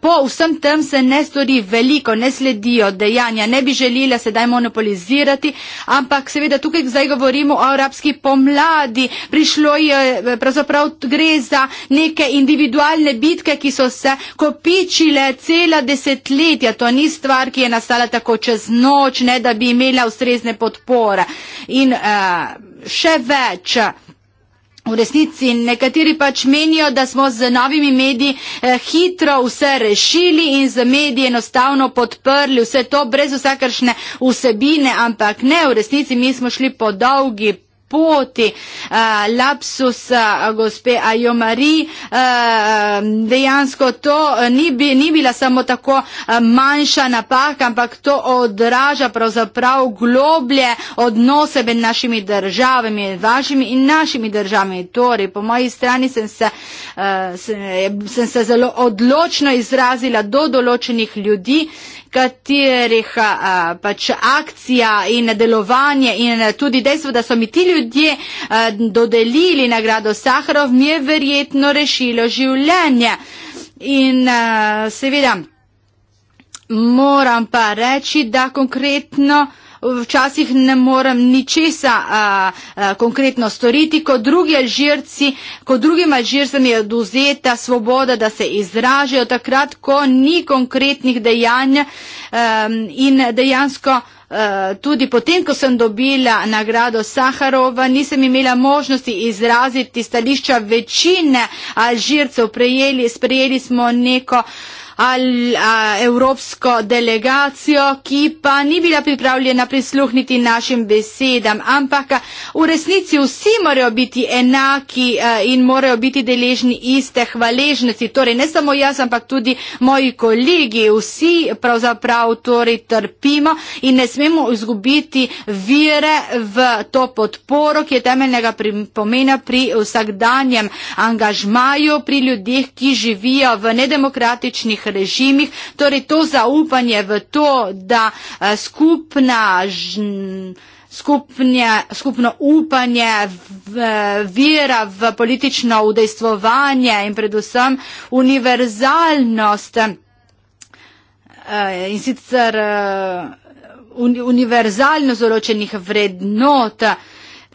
po vsem tem se ne stori veliko, ne sledijo dejanja, ne bi želela sedaj monopolizirati, ampak seveda tukaj zdaj govorimo o arabski pomladi, prišlo je, eh, pravzaprav gre za neke individualne bitke, ki so se kopičile cela desetletja, to ni stvar, ki je nastala tako čez noč, ne da bi imela ustrezne podpore. In uh, še več. V resnici nekateri pač menijo, da smo z novimi mediji eh, hitro vse rešili in z mediji enostavno podprli vse to brez vsakršne vsebine, ampak ne, v resnici mi smo šli po dolgi poti, a, eh, lapsus a, eh, gospe Ajomari, eh, dejansko to ni, bi, ni bila samo tako a, manjša napaka, ampak to odraža pravzaprav globlje odnose med našimi državami, vašimi in našimi državami. Torej, po moji strani sem se, a, sem, sem se zelo odločno izrazila do določenih ljudi, katerih pač akcija in delovanje in tudi dejstvo, da so mi ti ljudje dodelili nagrado Saharov, mi je verjetno rešilo življenje. In seveda moram pa reči, da konkretno včasih ne morem ničesa a, a, konkretno storiti, kot drugi alžirci, kot drugim alžircem je oduzeta svoboda, da se izražajo takrat, ko ni konkretnih dejanj a, in dejansko e, Tudi potem, ko sem dobila nagrado Saharova, nisem imela možnosti izraziti stališča večine alžircev. Prejeli, sprejeli smo neko uh, evropsko delegacijo, ki pa ni bila pripravljena prisluhniti našim besedam. Ampak v resnici vsi morajo biti enaki in morajo biti deležni iste hvaležnosti. Torej, ne samo jaz, ampak tudi moji kolegi, vsi pravzaprav torej trpimo in ne smemo izgubiti vire v to podporo, ki je temeljnega pomena pri vsakdanjem angažmaju, pri ljudeh, ki živijo v nedemokratičnih režimih. Torej to zaupanje v to, da eh, skupna žn, Skupnje, skupno upanje, v, eh, vera v politično udejstvovanje in predvsem univerzalnost eh, in sicer univerzalnost določenih vrednot.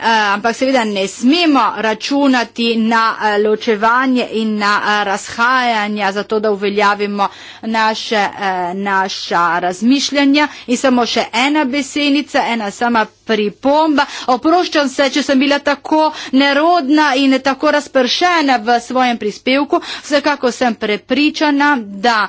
Eh, ampak seveda ne smemo računati na eh, ločevanje in na eh, razhajanja, zato da uveljavimo naše, naša razmišljanja. In samo še ena besenica, ena sama pripomba. Oproščam se, če sem bila tako nerodna in tako razpršena v svojem prispevku, vsekako sem prepričana, da.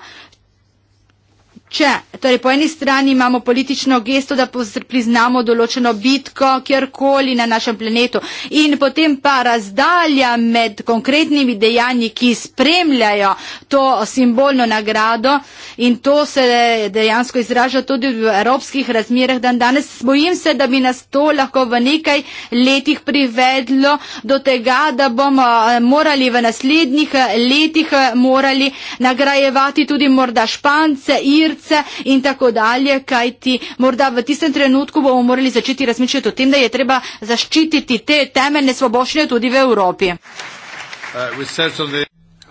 Če torej po eni strani imamo politično gesto, da priznamo določeno bitko kjerkoli na našem planetu in potem pa razdalja med konkretnimi dejanji, ki spremljajo to simbolno nagrado in to se dejansko izraža tudi v evropskih razmerah dan danes, bojim se, da bi nas to lahko v nekaj letih privedlo do tega, da bomo eh, morali v naslednjih eh, letih eh, morali nagrajevati tudi morda Špance, Irce, srce in tako dalje, kaj ti morda v tistem trenutku bomo morali začeti razmišljati o tem, da je treba zaščititi te temeljne svobošnje tudi v Evropi. Uh,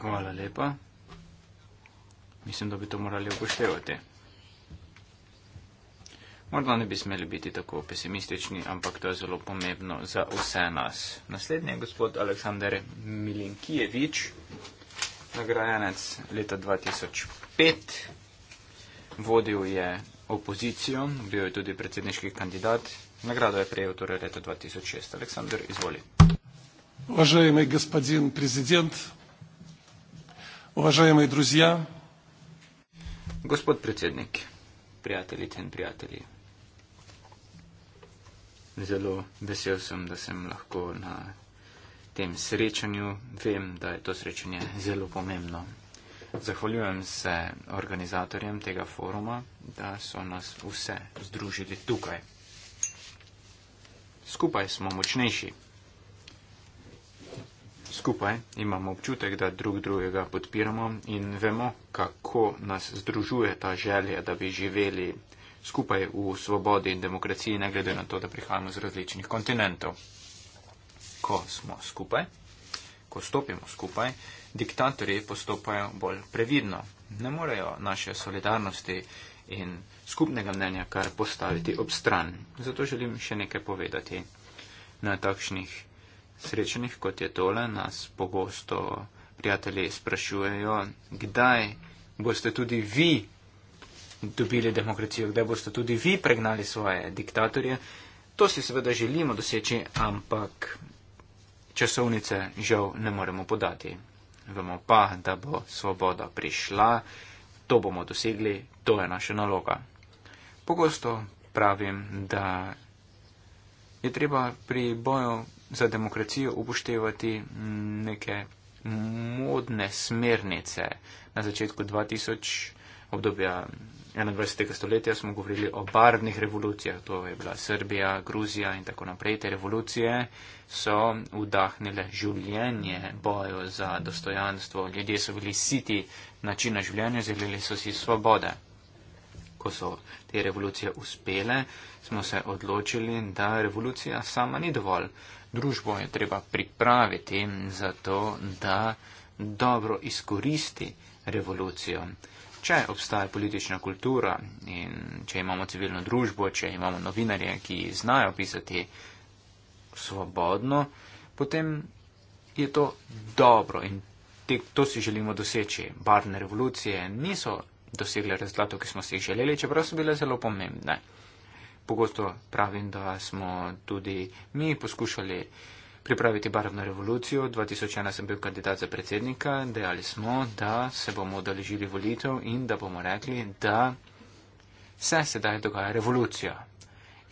Hvala lepa. Mislim, da bi to morali upoštevati. Morda ne bi smeli biti tako pesimistični, ampak to je zelo pomembno za vse nas. Naslednji je gospod Aleksandr Milinkijevič, nagrajenec leta 2005. Vodil je opozicijo, bil je tudi predsedniški kandidat. Nagrado je prejel torej leta 2006. Aleksandr, izvoli. Uvažajmej gospodin prezident, uvažajmej družja. Gospod predsednik, prijateljice in prijatelji. Zelo vesel sem, da sem lahko na tem srečanju. Vem, da je to srečanje zelo pomembno Zahvaljujem se organizatorjem tega foruma, da so nas vse združili tukaj. Skupaj smo močnejši. Skupaj imamo občutek, da drug drugega podpiramo in vemo, kako nas združuje ta želja, da bi živeli skupaj v svobodi in demokraciji, ne glede na to, da prihajamo z različnih kontinentov. Ko smo skupaj ko stopimo skupaj, diktatorji postopajo bolj previdno. Ne morejo naše solidarnosti in skupnega mnenja kar postaviti ob stran. Zato želim še nekaj povedati. Na takšnih srečanjih, kot je tole, nas pogosto prijatelji sprašujejo, kdaj boste tudi vi dobili demokracijo, kdaj boste tudi vi pregnali svoje diktatorje. To si seveda želimo doseči, ampak časovnice žal ne moremo podati. Vemo pa, da bo svoboda prišla, to bomo dosegli, to je naša naloga. Pogosto pravim, da je treba pri boju za demokracijo upoštevati neke modne smernice na začetku 2000 obdobja 21. stoletja smo govorili o barvnih revolucijah, to je bila Srbija, Gruzija in tako naprej. Te revolucije so vdahnile življenje, bojo za dostojanstvo. Ljudje so bili siti načina življenja, želeli so si svobode. Ko so te revolucije uspele, smo se odločili, da revolucija sama ni dovolj. Družbo je treba pripraviti za to, da dobro izkoristi revolucijo. Če obstaja politična kultura in če imamo civilno družbo, če imamo novinarje, ki znajo pisati svobodno, potem je to dobro in te, to si želimo doseči. Barne revolucije niso dosegle rezultatov, ki smo si jih želeli, čeprav so bile zelo pomembne. Pogosto pravim, da smo tudi mi poskušali pripraviti barvno revolucijo. 2001 sem bil kandidat za predsednika, dejali smo, da se bomo odeležili volitev in da bomo rekli, da se sedaj dogaja revolucija.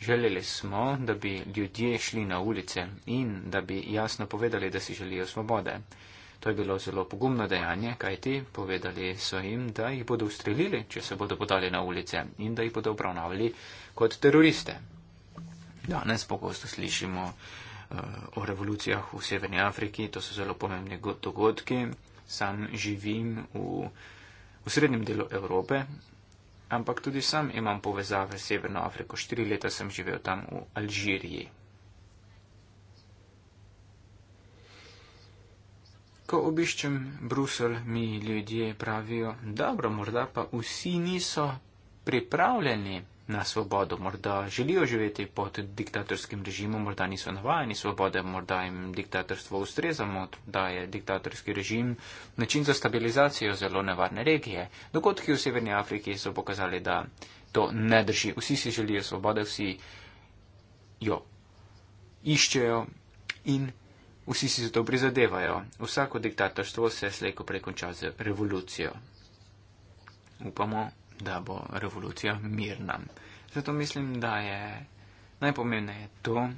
Želeli smo, da bi ljudje šli na ulice in da bi jasno povedali, da si želijo svobode. To je bilo zelo pogumno dejanje, kajti povedali so jim, da jih bodo ustrelili, če se bodo podali na ulice in da jih bodo obravnavali kot teroriste. Danes pogosto slišimo uh, o revolucijah v Severni Afriki, to so zelo pomembni dogodki. Sam živim v, v srednjem delu Evrope, ampak tudi sam imam povezave s Severno Afriko. Štiri leta sem živel tam v Alžiriji. Ko obiščem Bruselj, mi ljudje pravijo, dobro, morda pa vsi niso pripravljeni na svobodo. Morda želijo živeti pod diktatorskim režimom, morda niso navajeni svobode, morda jim diktatorstvo ustreza, morda je diktatorski režim način za stabilizacijo zelo nevarne regije. Dogodki v Severni Afriki so pokazali, da to ne drži. Vsi si želijo svobode, vsi jo iščejo in vsi si zato prizadevajo. Vsako diktatorstvo se slejko prekonča z revolucijo. Upamo, da bo revolucija mirna. Zato mislim, da je najpomembnejše to,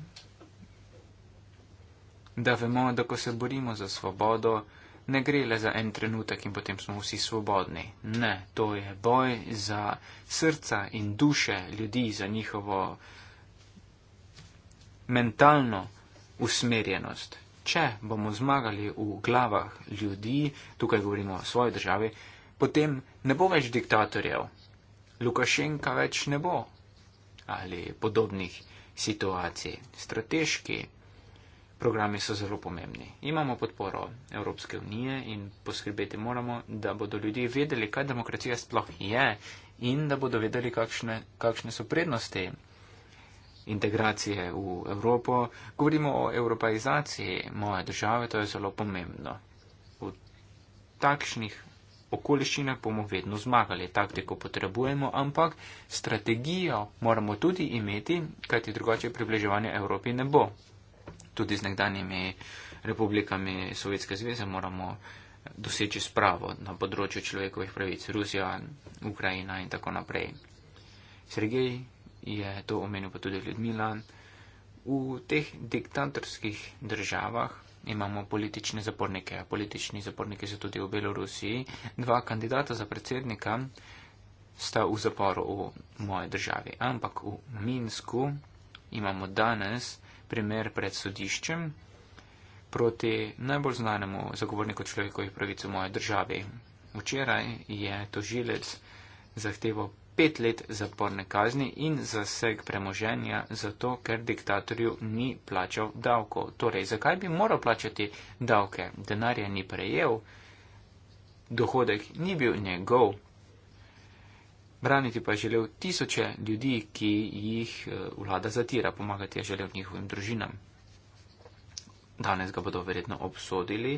da vemo, da ko se borimo za svobodo, ne gre le za en trenutek in potem smo vsi svobodni. Ne, to je boj za srca in duše ljudi, za njihovo mentalno usmerjenost. Če bomo zmagali v glavah ljudi, tukaj govorimo o svoji državi, potem ne bo več diktatorjev, Lukašenka več ne bo ali podobnih situacij. Strateški programi so zelo pomembni. Imamo podporo Evropske unije in poskrbeti moramo, da bodo ljudje vedeli, kaj demokracija sploh je in da bodo vedeli, kakšne, kakšne so prednosti integracije v Evropo. Govorimo o evropaizaciji moje države, to je zelo pomembno. V takšnih okoliščinah bomo vedno zmagali. Taktiko potrebujemo, ampak strategijo moramo tudi imeti, kajti drugače približevanje Evropi ne bo. Tudi z nekdanjimi republikami Sovjetske zveze moramo doseči spravo na področju človekovih pravic. Rusija, Ukrajina in tako naprej. Sergej je to omenil pa tudi Ljudmila. V teh diktatorskih državah imamo politične zapornike. Politični zaporniki so tudi v Belorusiji. Dva kandidata za predsednika sta v zaporu v moji državi. Ampak v Minsku imamo danes primer pred sodiščem proti najbolj znanemu zagovorniku človekovih pravic v moji državi. Včeraj je tožilec zahteval pet let zaporne kazni in zaseg premoženja zato, ker diktatorju ni plačal davkov. Torej, zakaj bi moral plačati davke? Denarja ni prejel, dohodek ni bil njegov. Braniti pa je želel tisoče ljudi, ki jih eh, vlada zatira, pomagati je želel njihovim družinam. Danes ga bodo verjetno obsodili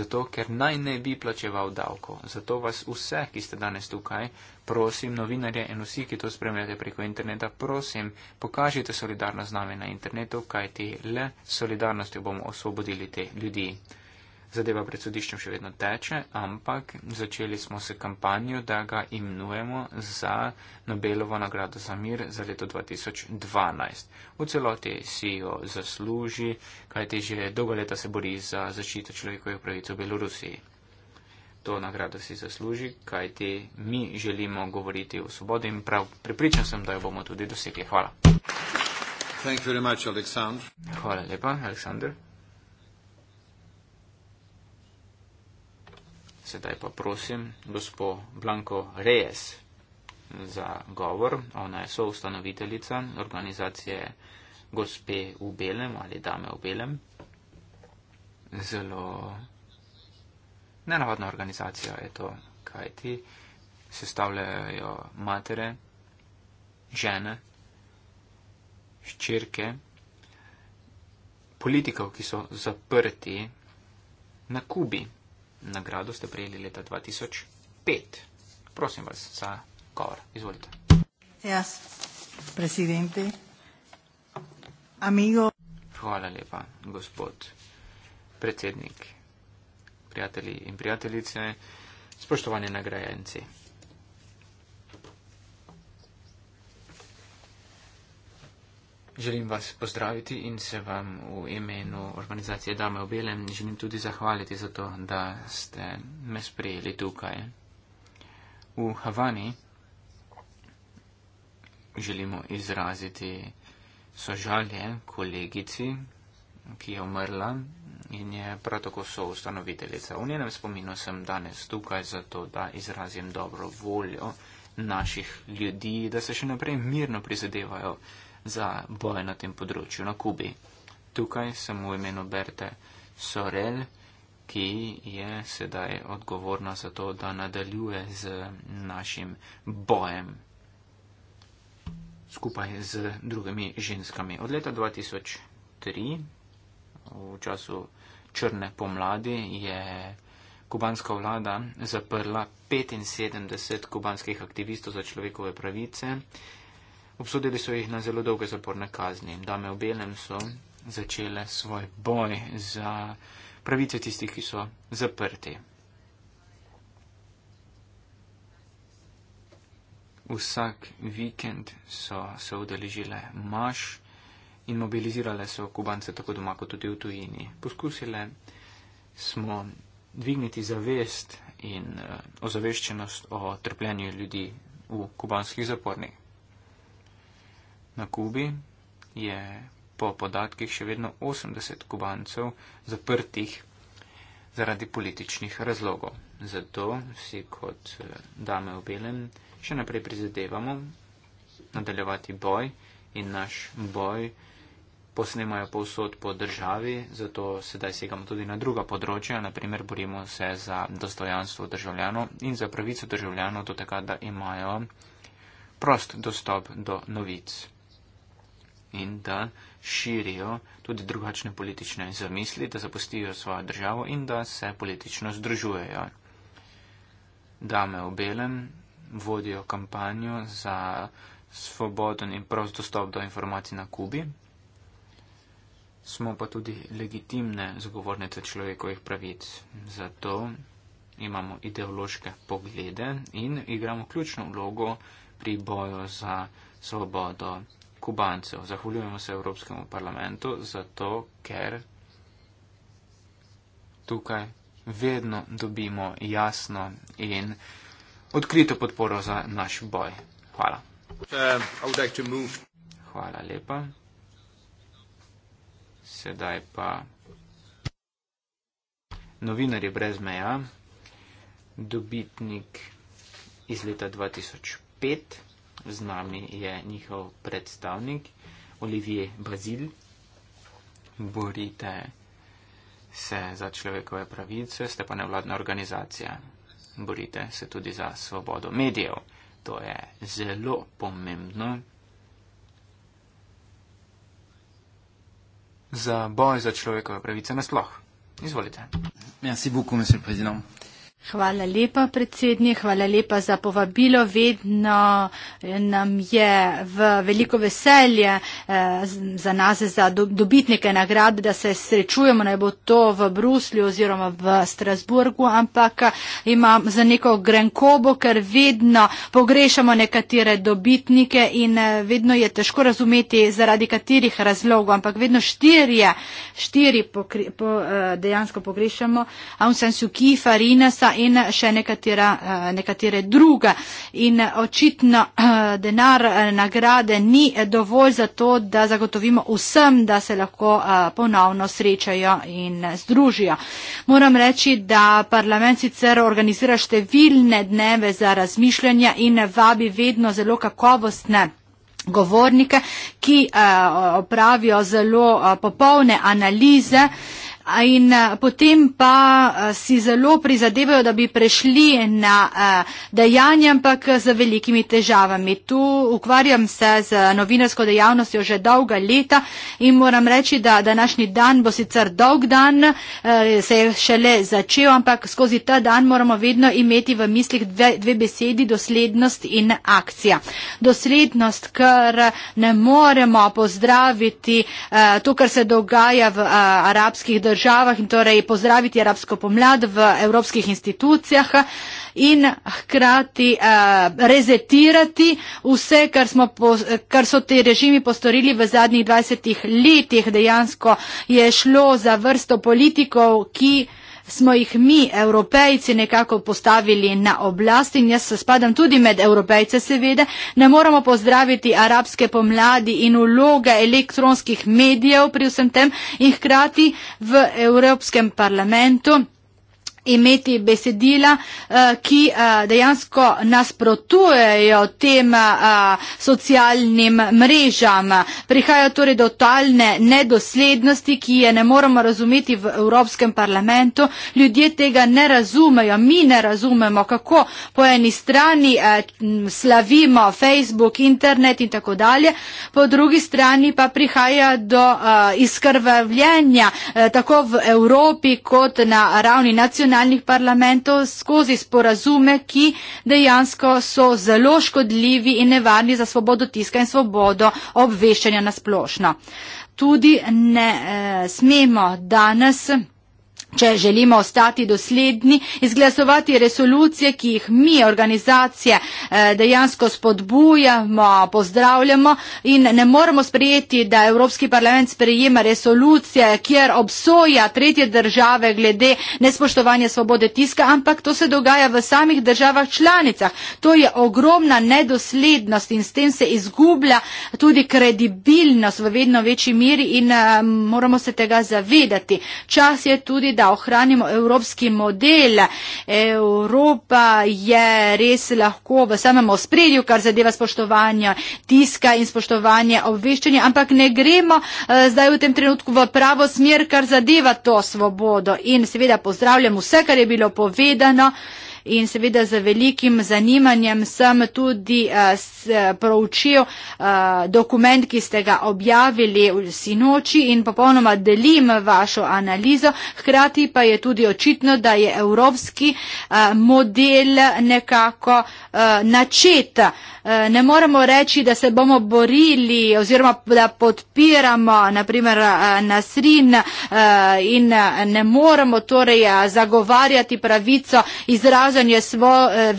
zato ker naj ne bi plačeval davkov. Zato vas vse, ki ste danes tukaj, prosim, novinarje in vsi, ki to spremljate preko interneta, prosim, pokažite solidarnost z nami na internetu, kajti le solidarnostjo bomo osvobodili te ljudi zadeva pred sodiščem še vedno teče, ampak začeli smo se kampanjo, da ga imenujemo za Nobelovo nagrado za mir za leto 2012. V celoti si jo zasluži, kajti že dolgo leta se bori za zaščito človekovih pravic v Belorusiji. To nagrado si zasluži, kajti mi želimo govoriti o svobodi in prav pripričan sem, da jo bomo tudi dosegli. Hvala. Thank you very much, Alexander. Hvala lepa, Aleksandr. Sedaj pa prosim gospo Blanko Reyes za govor. Ona je soustanoviteljica organizacije Gospe v Belem ali Dame v Belem. Zelo nenavadna organizacija je to, kaj ti sestavljajo matere, žene, ščirke, politikov, ki so zaprti na Kubi nagrado ste prejeli leta 2005. Prosim vas za govor. Izvolite. Jaz, presidente, amigo. Hvala lepa, gospod predsednik, prijatelji in prijateljice, spoštovani nagrajenci. Želim vas pozdraviti in se vam v imenu organizacije Dame Obele želim tudi zahvaliti za to, da ste me sprejeli tukaj. V Havani želimo izraziti sožalje kolegici, ki je umrla in je prav tako soustanoviteljica. V njenem spominu sem danes tukaj zato, da izrazim dobro voljo naših ljudi, da se še naprej mirno prizadevajo za boje na tem področju na Kubi. Tukaj sem v imenu Berte Sorel, ki je sedaj odgovorna za to, da nadaljuje z našim bojem skupaj z drugimi ženskami. Od leta 2003, v času črne pomladi, je kubanska vlada zaprla 75 kubanskih aktivistov za človekove pravice. Obsodili so jih na zelo dolge zaporne kazni. Dame v belem so začele svoj boj za pravice tistih, ki so zaprti. Vsak vikend so se udeležile maš in mobilizirale so kubance tako doma kot tudi v tujini. Poskusile smo dvigniti zavest in eh, ozaveščenost o trpljenju ljudi v kubanskih zapornih. Na Kubi je po podatkih še vedno 80 kubancev zaprtih zaradi političnih razlogov. Zato si kot eh, dame obelen še naprej prizadevamo nadaljevati boj in naš boj posnemajo povsod po državi, zato sedaj segamo tudi na druga področja, naprimer borimo se za dostojanstvo državljanov in za pravico državljanov do tega, da imajo prost dostop do novic in da širijo tudi drugačne politične zamisli, da zapustijo svojo državo in da se politično združujejo. Dame v belem vodijo kampanjo za svoboden in prost dostop do informacij na Kubi. Smo pa tudi legitimne zagovornice človekovih pravic. Zato imamo ideološke poglede in igramo ključno vlogo pri boju za svobodo Kubancev. Zahvaljujemo se Evropskemu parlamentu za to, ker tukaj vedno dobimo jasno in odkrito podporo za naš boj. Hvala. Uh, Hvala lepa. Sedaj pa novinarje brez meja, dobitnik iz leta 2005 z nami je njihov predstavnik Olivier Brazil. Borite se za človekove pravice, ste pa nevladna organizacija. Borite se tudi za svobodo medijev. To je zelo pomembno. Za boj za človekove pravice nasploh. Izvolite. Merci beaucoup, monsieur le président. Hvala lepa, predsednik, hvala lepa za povabilo. Vedno eh, nam je v veliko veselje eh, za nas, za dobitnike nagrade, da se srečujemo, naj bo to v Bruslju oziroma v Strasburgu, ampak eh, imam za neko grenkobo, ker vedno pogrešamo nekatere dobitnike in vedno je težko razumeti, zaradi katerih razlogov, ampak vedno štiri, štiri pokri, po, dejansko pogrešamo in še nekatera, eh, nekatere druga. In očitno eh, denar eh, nagrade ni dovolj za to, da zagotovimo vsem, da se lahko ponovno srečajo in združijo. Moram reči, da parlament sicer organizira številne dneve za razmišljanje in vabi vedno zelo kakovostne govornike, ki opravijo zelo popolne analize. In eh, potem pa eh, si zelo prizadevajo, da bi prešli na eh, dejanje, ampak z velikimi težavami. Tu ukvarjam se z novinarsko dejavnostjo že dolga leta in moram reči, da današnji dan bo sicer dolg dan, se je šele začel, ampak skozi ta dan moramo vedno imeti v mislih dve, dve besedi, doslednost in akcija. Doslednost, ker ne moremo pozdraviti to, kar se dogaja v arabskih državah državah in torej pozdraviti arabsko pomlad v evropskih institucijah in hkrati uh, rezetirati vse, kar, po, kar so ti režimi postorili v zadnjih 20 letih. Dejansko je šlo za vrsto politikov, ki smo jih mi, evropejci, nekako postavili na oblast in jaz se spadam tudi med evropejce seveda, ne moramo pozdraviti arabske pomladi in uloge elektronskih medijev pri vsem tem in hkrati v Evropskem parlamentu imeti besedila, eh, ki eh, dejansko nasprotujejo tem eh, socialnim mrežam. Prihaja torej do talne nedoslednosti, ki je ne moramo razumeti v Evropskem parlamentu. Ljudje tega ne razumejo, mi ne razumemo, kako po eni strani slavimo Facebook, internet in tako dalje, po drugi strani pa prihaja do iskrvavljenja tako v Evropi kot na ravni nacionalnosti nacionalnih parlamentov skozi sporazume, ki dejansko so zelo škodljivi in nevarni za svobodo tiska in svobodo obveščanja na splošno. Tudi ne e, smemo danes Če želimo ostati dosledni, izglasovati resolucije, ki jih mi organizacije eh, dejansko spodbujamo, pozdravljamo in ne moremo sprejeti, da Evropski parlament sprejema resolucije, kjer obsoja tretje države glede nespoštovanja svobode tiska, ampak to se dogaja v samih državah članicah. To je ogromna nedoslednost in s tem se izgublja tudi kredibilnost v vedno večji miri in eh, moramo se tega zavedati. Čas je tudi, da da ohranimo evropski model. Evropa je res lahko v samem ospredju, kar zadeva spoštovanja tiska in spoštovanje obveščanja, ampak ne gremo eh, zdaj v tem trenutku v pravo smer, kar zadeva to svobodo. In seveda pozdravljam vse, kar je bilo povedano in seveda z velikim zanimanjem sem tudi uh, s, eh, proučil uh, dokument, ki ste ga objavili vsi noči in popolnoma delim vašo analizo. Hkrati pa je tudi očitno, da je evropski uh, model nekako uh, načet. Ne moremo reči, da se bomo borili oziroma da podpiramo naprimer nasrin in ne moremo torej zagovarjati pravico izrazu kazanje svo, eh,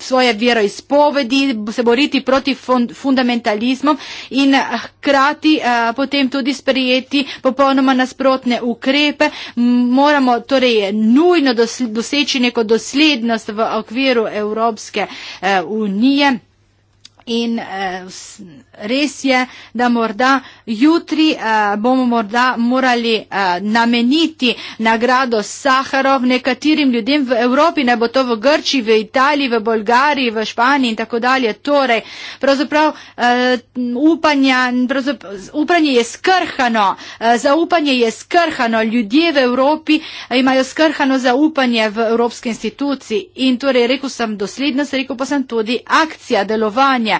svoje veroizpovedi, se boriti proti fundamentalizmom in eh, hkrati eh, potem tudi sprejeti popolnoma nasprotne ukrepe. Moramo torej nujno doseči neko doslednost v okviru Evropske unije. Uh, in eh, res je, da morda jutri eh, bomo morda morali eh, nameniti nagrado Saharov nekaterim ljudem v Evropi, ne bo to v Grčiji, v Italiji, v Bolgariji, v Španiji in tako dalje. Torej, pravzaprav upanja, pravzaprav, upanje je skrhano, zaupanje je skrhano, ljudje v Evropi imajo skrhano zaupanje v Evropske institucije in torej rekel sem doslednost, rekel pa sem tudi akcija, delovanje.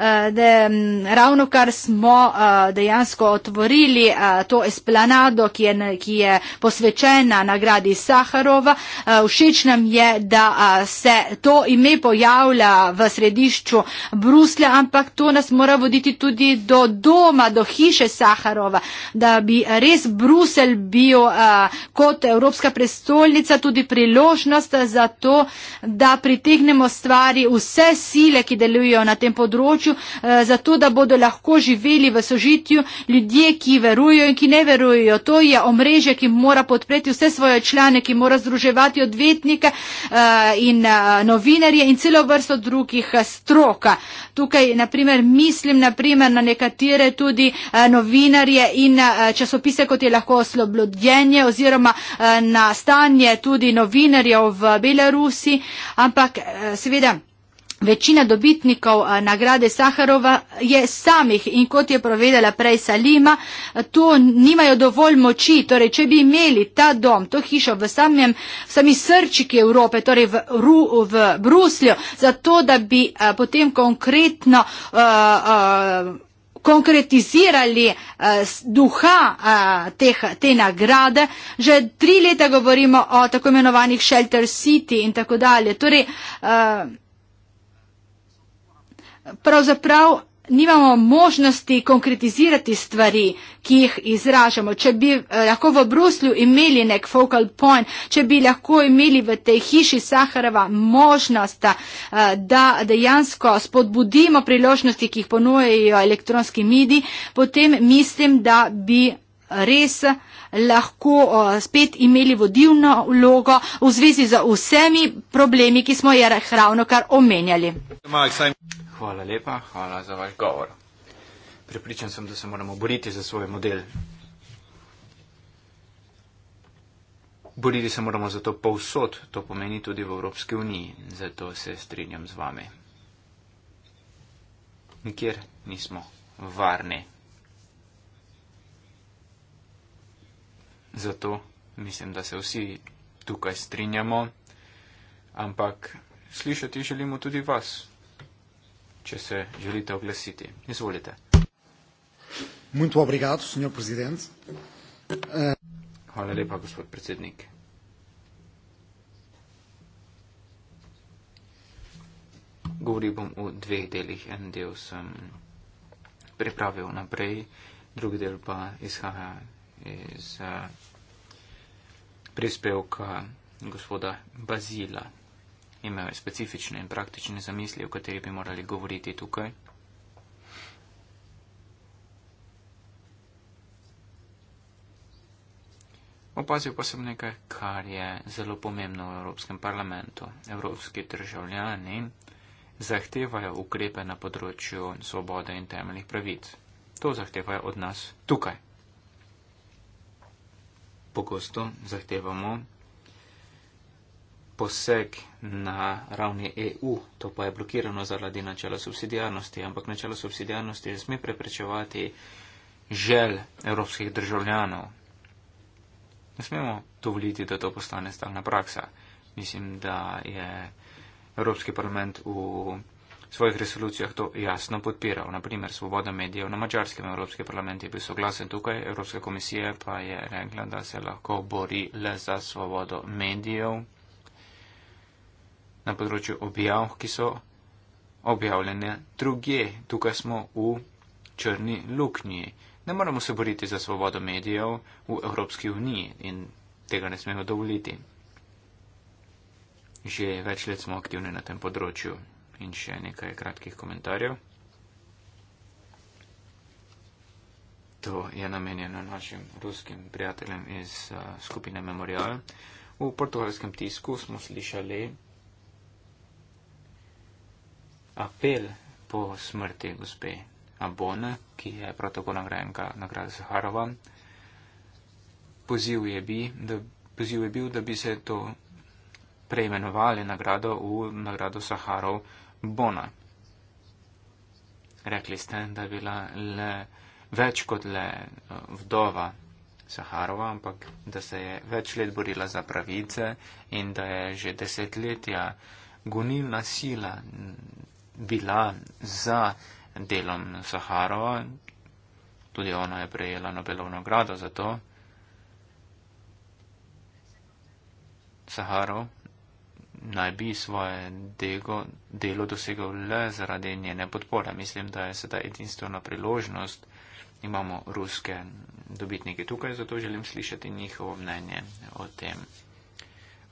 Eh, da mm, ravno kar smo eh, dejansko otvorili eh, to esplanado, ki je, ki je posvečena nagradi Saharova. Všeč nam je, da se to ime pojavlja v središču Bruslja, ampak to nas mora voditi tudi do doma, do hiše Saharova, da bi res Brusel bil kot Evropska prestolnica tudi priložnost za to, da pritegnemo stvari vse sile, ki delujejo na tem področju sožitju, eh, zato da bodo lahko živeli v sožitju ljudje, ki verujo in ki ne verujo. To je omrežje, ki mora podpreti vse svoje člane, ki mora združevati odvetnike eh, in eh, novinarje in celo vrsto drugih stroka. Tukaj naprimer, mislim naprimer, na nekatere tudi novinarje in časopise, kot je lahko oslobodjenje oziroma na stanje tudi novinarjev v Belarusi, ampak seveda. Večina dobitnikov eh, nagrade Saharova je samih in kot je provedala prej Salima, eh, to nimajo dovolj moči, torej če bi imeli ta dom, to hišo v samem, sami srčiki Evrope, torej v, Ru, v Bruslju, zato da bi eh, potem konkretno. Uh, uh, konkretizirali uh, duha uh, teh, te nagrade. Že tri leta govorimo o tako imenovanih shelter city in tako dalje. Torej, uh, pravzaprav nimamo možnosti konkretizirati stvari, ki jih izražamo. Če bi eh, lahko v Bruslju imeli nek focal point, če bi lahko imeli v tej hiši Saharova možnost, eh, da dejansko spodbudimo priložnosti, ki jih ponujejo elektronski mediji, potem mislim, da bi res lahko eh, spet imeli vodilno vlogo v zvezi z vsemi problemi, ki smo jih ravno kar omenjali. Hvala lepa, hvala za vaš govor. Pripričan sem, da se moramo boriti za svoj model. Boriti se moramo za to povsod, to pomeni tudi v Evropski uniji. Zato se strinjam z vami. Nikjer nismo varni. Zato mislim, da se vsi tukaj strinjamo, ampak slišati želimo tudi vas, če se želite oglasiti. Izvolite. Obrigado, uh... Hvala lepa, gospod predsednik. Govoril bom v dveh delih. En del sem pripravil naprej, drugi del pa izhaja iz eh, prispevka gospoda Bazila. Imel je specifične in praktične zamisli, o kateri bi morali govoriti tukaj. Opazil pa sem nekaj, kar je zelo pomembno v Evropskem parlamentu. Evropski državljani zahtevajo ukrepe na področju svobode in temeljnih pravic. To zahtevajo od nas tukaj pogosto zahtevamo poseg na ravni EU, to pa je blokirano zaradi načela subsidijarnosti, ampak načelo subsidijarnosti ne sme preprečevati žel evropskih državljanov. Ne smemo dovoliti, da to postane stalna praksa. Mislim, da je Evropski parlament v v svojih resolucijah to jasno podpiral. Naprimer, svoboda medijev na mačarskem Evropskem parlamentu je bil soglasen tukaj, Evropska komisija pa je rekla, da se lahko bori le za svobodo medijev na področju objav, ki so objavljene druge. Tukaj smo v črni luknji. Ne moramo se boriti za svobodo medijev v Evropski uniji in tega ne smemo dovoliti. Že več let smo aktivni na tem področju in še nekaj kratkih komentarjev. To je namenjeno našim ruskim prijateljem iz uh, skupine Memorial. V portugalskem tisku smo slišali apel po smrti gospe Abone, ki je prav tako nagrajenka nagrade Zaharova. Poziv je, bi, da, poziv je bil, da bi se to preimenovali nagrado v nagrado Saharov. Bona. Rekli ste, da je bila le, več kot le eh, vdova Saharova, ampak da se je več let borila za pravice in da je že desetletja gonilna sila bila za delom Saharova. Tudi ona je prejela Nobelovo nagrado za to. Saharov naj bi svoje delo, delo dosegel le zaradi njene podpore. Mislim, da je sedaj edinstvena priložnost. Imamo ruske dobitnike tukaj, zato želim slišati njihovo mnenje o tem.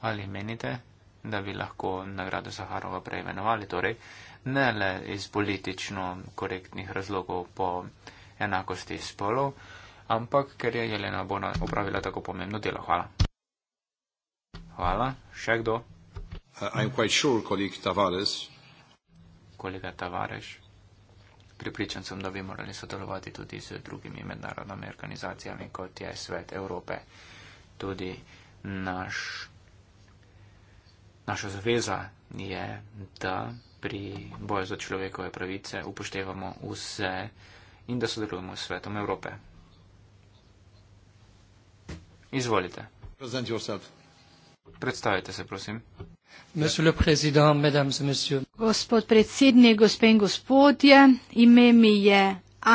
Ali menite, da bi lahko nagrado Saharova preimenovali, torej ne le iz politično korektnih razlogov po enakosti spolov, ampak ker je Jelena Bona opravila tako pomembno delo. Hvala. Hvala. Še kdo? I'm quite sure, colleague Tavares. Kolega Tavares, pripričan sem, da bi morali sodelovati tudi z drugimi mednarodnimi organizacijami, kot je Svet Evrope. Tudi naš, naša zveza je, da pri boju za človekove pravice upoštevamo vse in da sodelujemo s Svetom Evrope. Izvolite. Predstavite se, prosim. Gospod predsednik, gospe in gospodje, ime mi je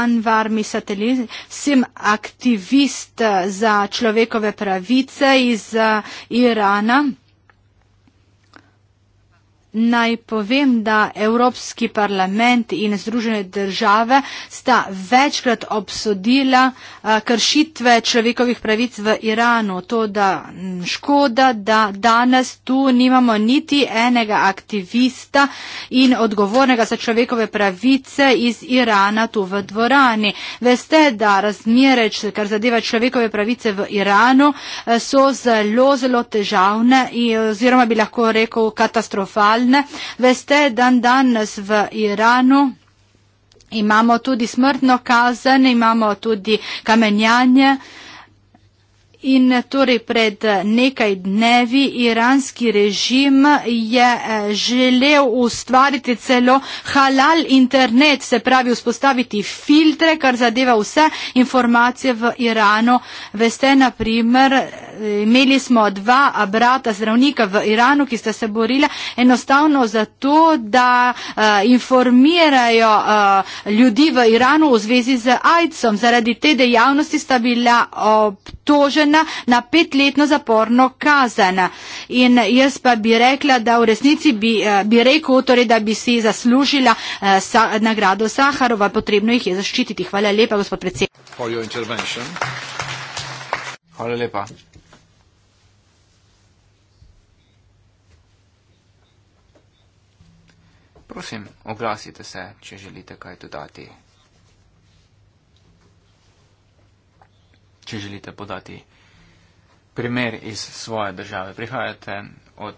Anvar Misatelin, sem aktivist za človekove pravice iz eh, Irana. Naj povem, da Evropski parlament in Združene države sta večkrat obsodila eh, kršitve človekovih pravic v Iranu. To, da škoda, da danes tu nimamo niti enega aktivista in odgovornega za človekove pravice iz Irana tu v dvorani. Veste, da razmere, kar zadeva človekove pravice v Iranu, eh, so zelo, zelo težavne oziroma bi lahko rekel katastrofalne aktualne. Veste, dan danes v Iranu imamo tudi smrtno kazen, imamo tudi kamenjanje. In eh, torej pred eh, nekaj dnevi iranski režim eh, je želel ustvariti celo halal internet, se pravi vzpostaviti filtre, kar zadeva vse informacije v Iranu. Veste, na primer, imeli smo dva brata zdravnika v Iranu, ki sta se borila enostavno zato, da informirajo ljudi v Iranu v zvezi z AIDS-om. Zaradi te dejavnosti sta bila obtožena obsojena na petletno zaporno kazen. In jaz pa bi rekla, da v resnici bi, eh, bi rekel, torej, da bi si zaslužila eh, sa, nagrado Saharova, potrebno jih je zaščititi. Hvala lepa, gospod predsednik. Hvala lepa. Prosim, oglasite se, če želite kaj dodati. Če želite podati primer iz svoje države. Prihajate od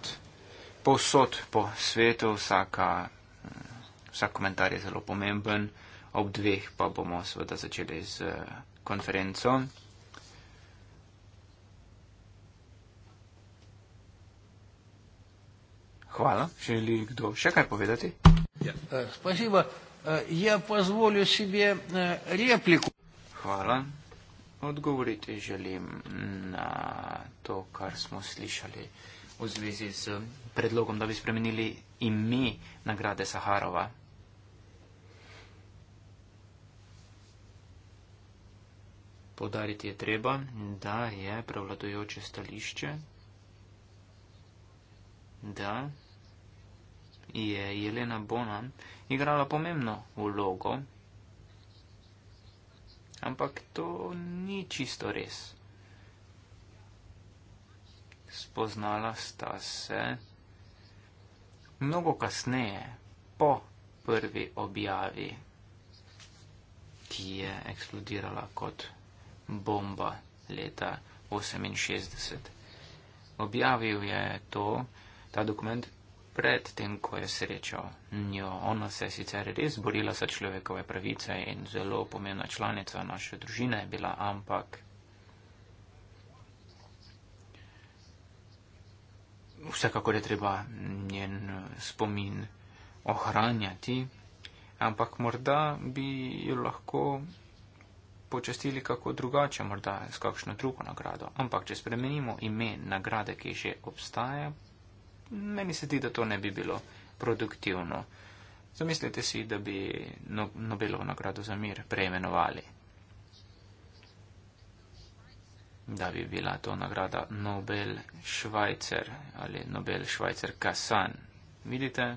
povsod po svetu, vsaka, eh, vsak komentar je zelo pomemben. Ob dveh pa bomo seveda začeli z eh, konferenco. Hvala. Želi kdo še kaj povedati? Ja. Uh, Hvala odgovoriti želim na to, kar smo slišali v zvezi z predlogom, da bi spremenili ime nagrade Saharova. Podariti je treba, da je prevladojoče stališče, da je Jelena Bonan igrala pomembno vlogo Ampak to ni čisto res. Spoznala sta se mnogo kasneje, po prvi objavi, ki je eksplodirala kot bomba leta 68. Objavil je to, ta dokument, predtem, ko je srečal njo. Ona se je sicer res borila za človekove pravice in zelo pomembna članica naše družine je bila, ampak vsekakor je treba njen spomin ohranjati, ampak morda bi jo lahko počastili kako drugače, morda s kakšno drugo nagrado. Ampak, če spremenimo ime nagrade, ki že obstaja, meni se ti, da to ne bi bilo produktivno. Zamislite si, da bi no Nobelovo nagrado za mir preimenovali. Da bi bila to nagrada Nobel Švajcer ali Nobel Švajcer Kasan. Vidite?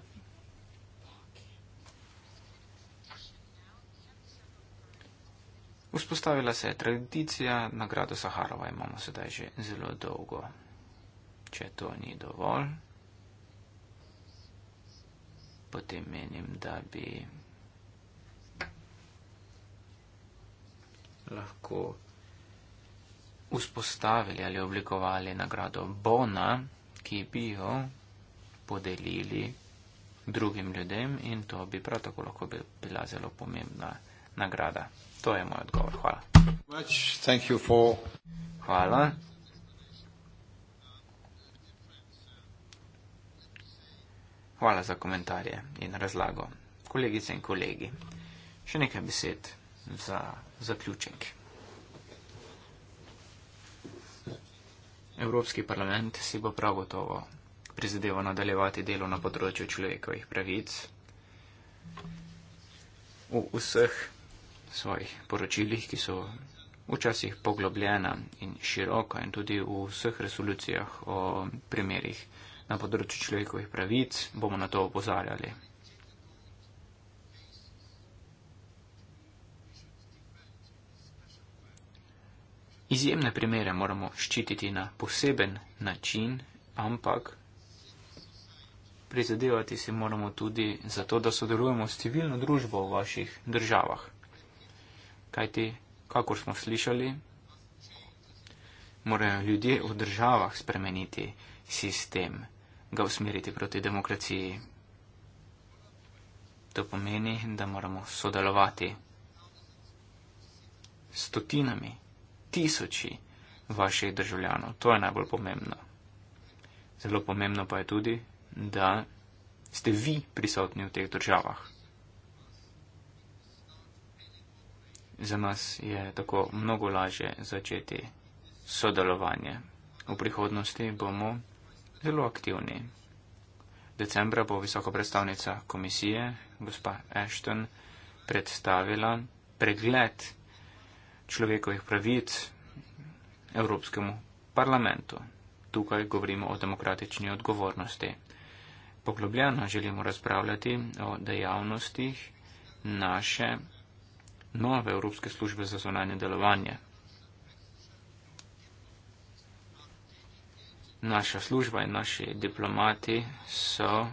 Vzpostavila se je tradicija, nagrado Saharova imamo sedaj že zelo dolgo. Če to ni dovolj potem menim, da bi lahko vzpostavili ali oblikovali nagrado Bona, ki bi jo podelili drugim ljudem in to bi prav tako lahko bila zelo pomembna nagrada. To je moj odgovor. Hvala. Hvala. Hvala za komentarje in razlago. Kolegice in kolegi, še nekaj besed za zaključek. Evropski parlament si bo prav gotovo prizadeval nadaljevati delo na področju človekovih pravic v vseh svojih poročilih, ki so včasih poglobljena in široka in tudi v vseh resolucijah o primerih na področju človekovih pravic, bomo na to opozarjali. Izjemne primere moramo ščititi na poseben način, ampak prizadevati se moramo tudi za to, da sodelujemo s civilno družbo v vaših državah. Kajti, kakor smo slišali, morajo ljudje v državah spremeniti sistem ga usmeriti proti demokraciji. To pomeni, da moramo sodelovati stotinami, tisoči vaših državljanov. To je najbolj pomembno. Zelo pomembno pa je tudi, da ste vi prisotni v teh državah. Za nas je tako mnogo lažje začeti sodelovanje. V prihodnosti bomo zelo aktivni. Decembra bo visoka predstavnica komisije, gospa Ashton, predstavila pregled človekovih pravic Evropskemu parlamentu. Tukaj govorimo o demokratični odgovornosti. Poglobljeno želimo razpravljati o dejavnostih naše nove Evropske službe za zvonanje delovanje, naša služba in naši diplomati so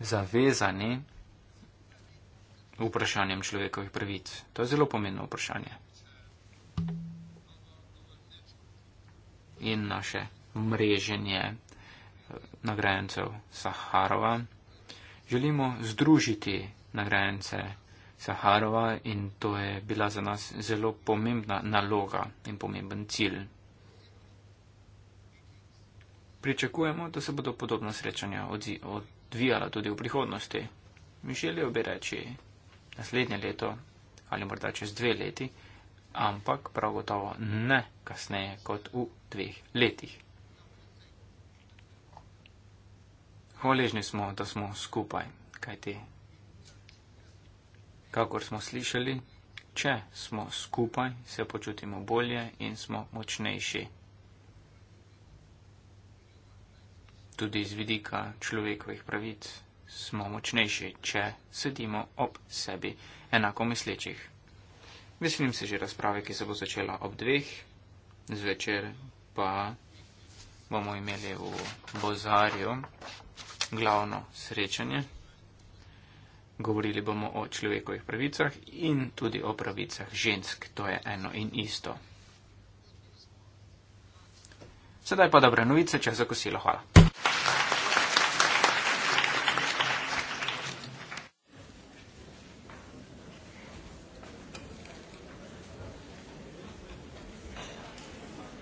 zavezani vprašanjem človekovih pravic. To je zelo pomembno vprašanje. In naše mreženje eh, nagrajencev Saharova. Želimo združiti nagrajence Saharova in to je bila za nas zelo pomembna naloga in pomemben cilj. Pričakujemo, da se bodo podobna srečanja odvijala tudi v prihodnosti. Mi želijo bi reči naslednje leto ali morda čez dve leti, ampak prav gotovo ne kasneje kot v dveh letih. Hvaležni smo, da smo skupaj, kajti, kakor smo slišali, če smo skupaj, se počutimo bolje in smo močnejši. tudi z vidika človekovih pravic, smo močnejši, če sedimo ob sebi enako mislečih. Veselim se že razprave, ki se bo začela ob dveh, zvečer pa bomo imeli v bozarju glavno srečanje. Govorili bomo o človekovih pravicah in tudi o pravicah žensk, to je eno in isto. Sedaj pa dobre novice, čas za kosilo, hvala.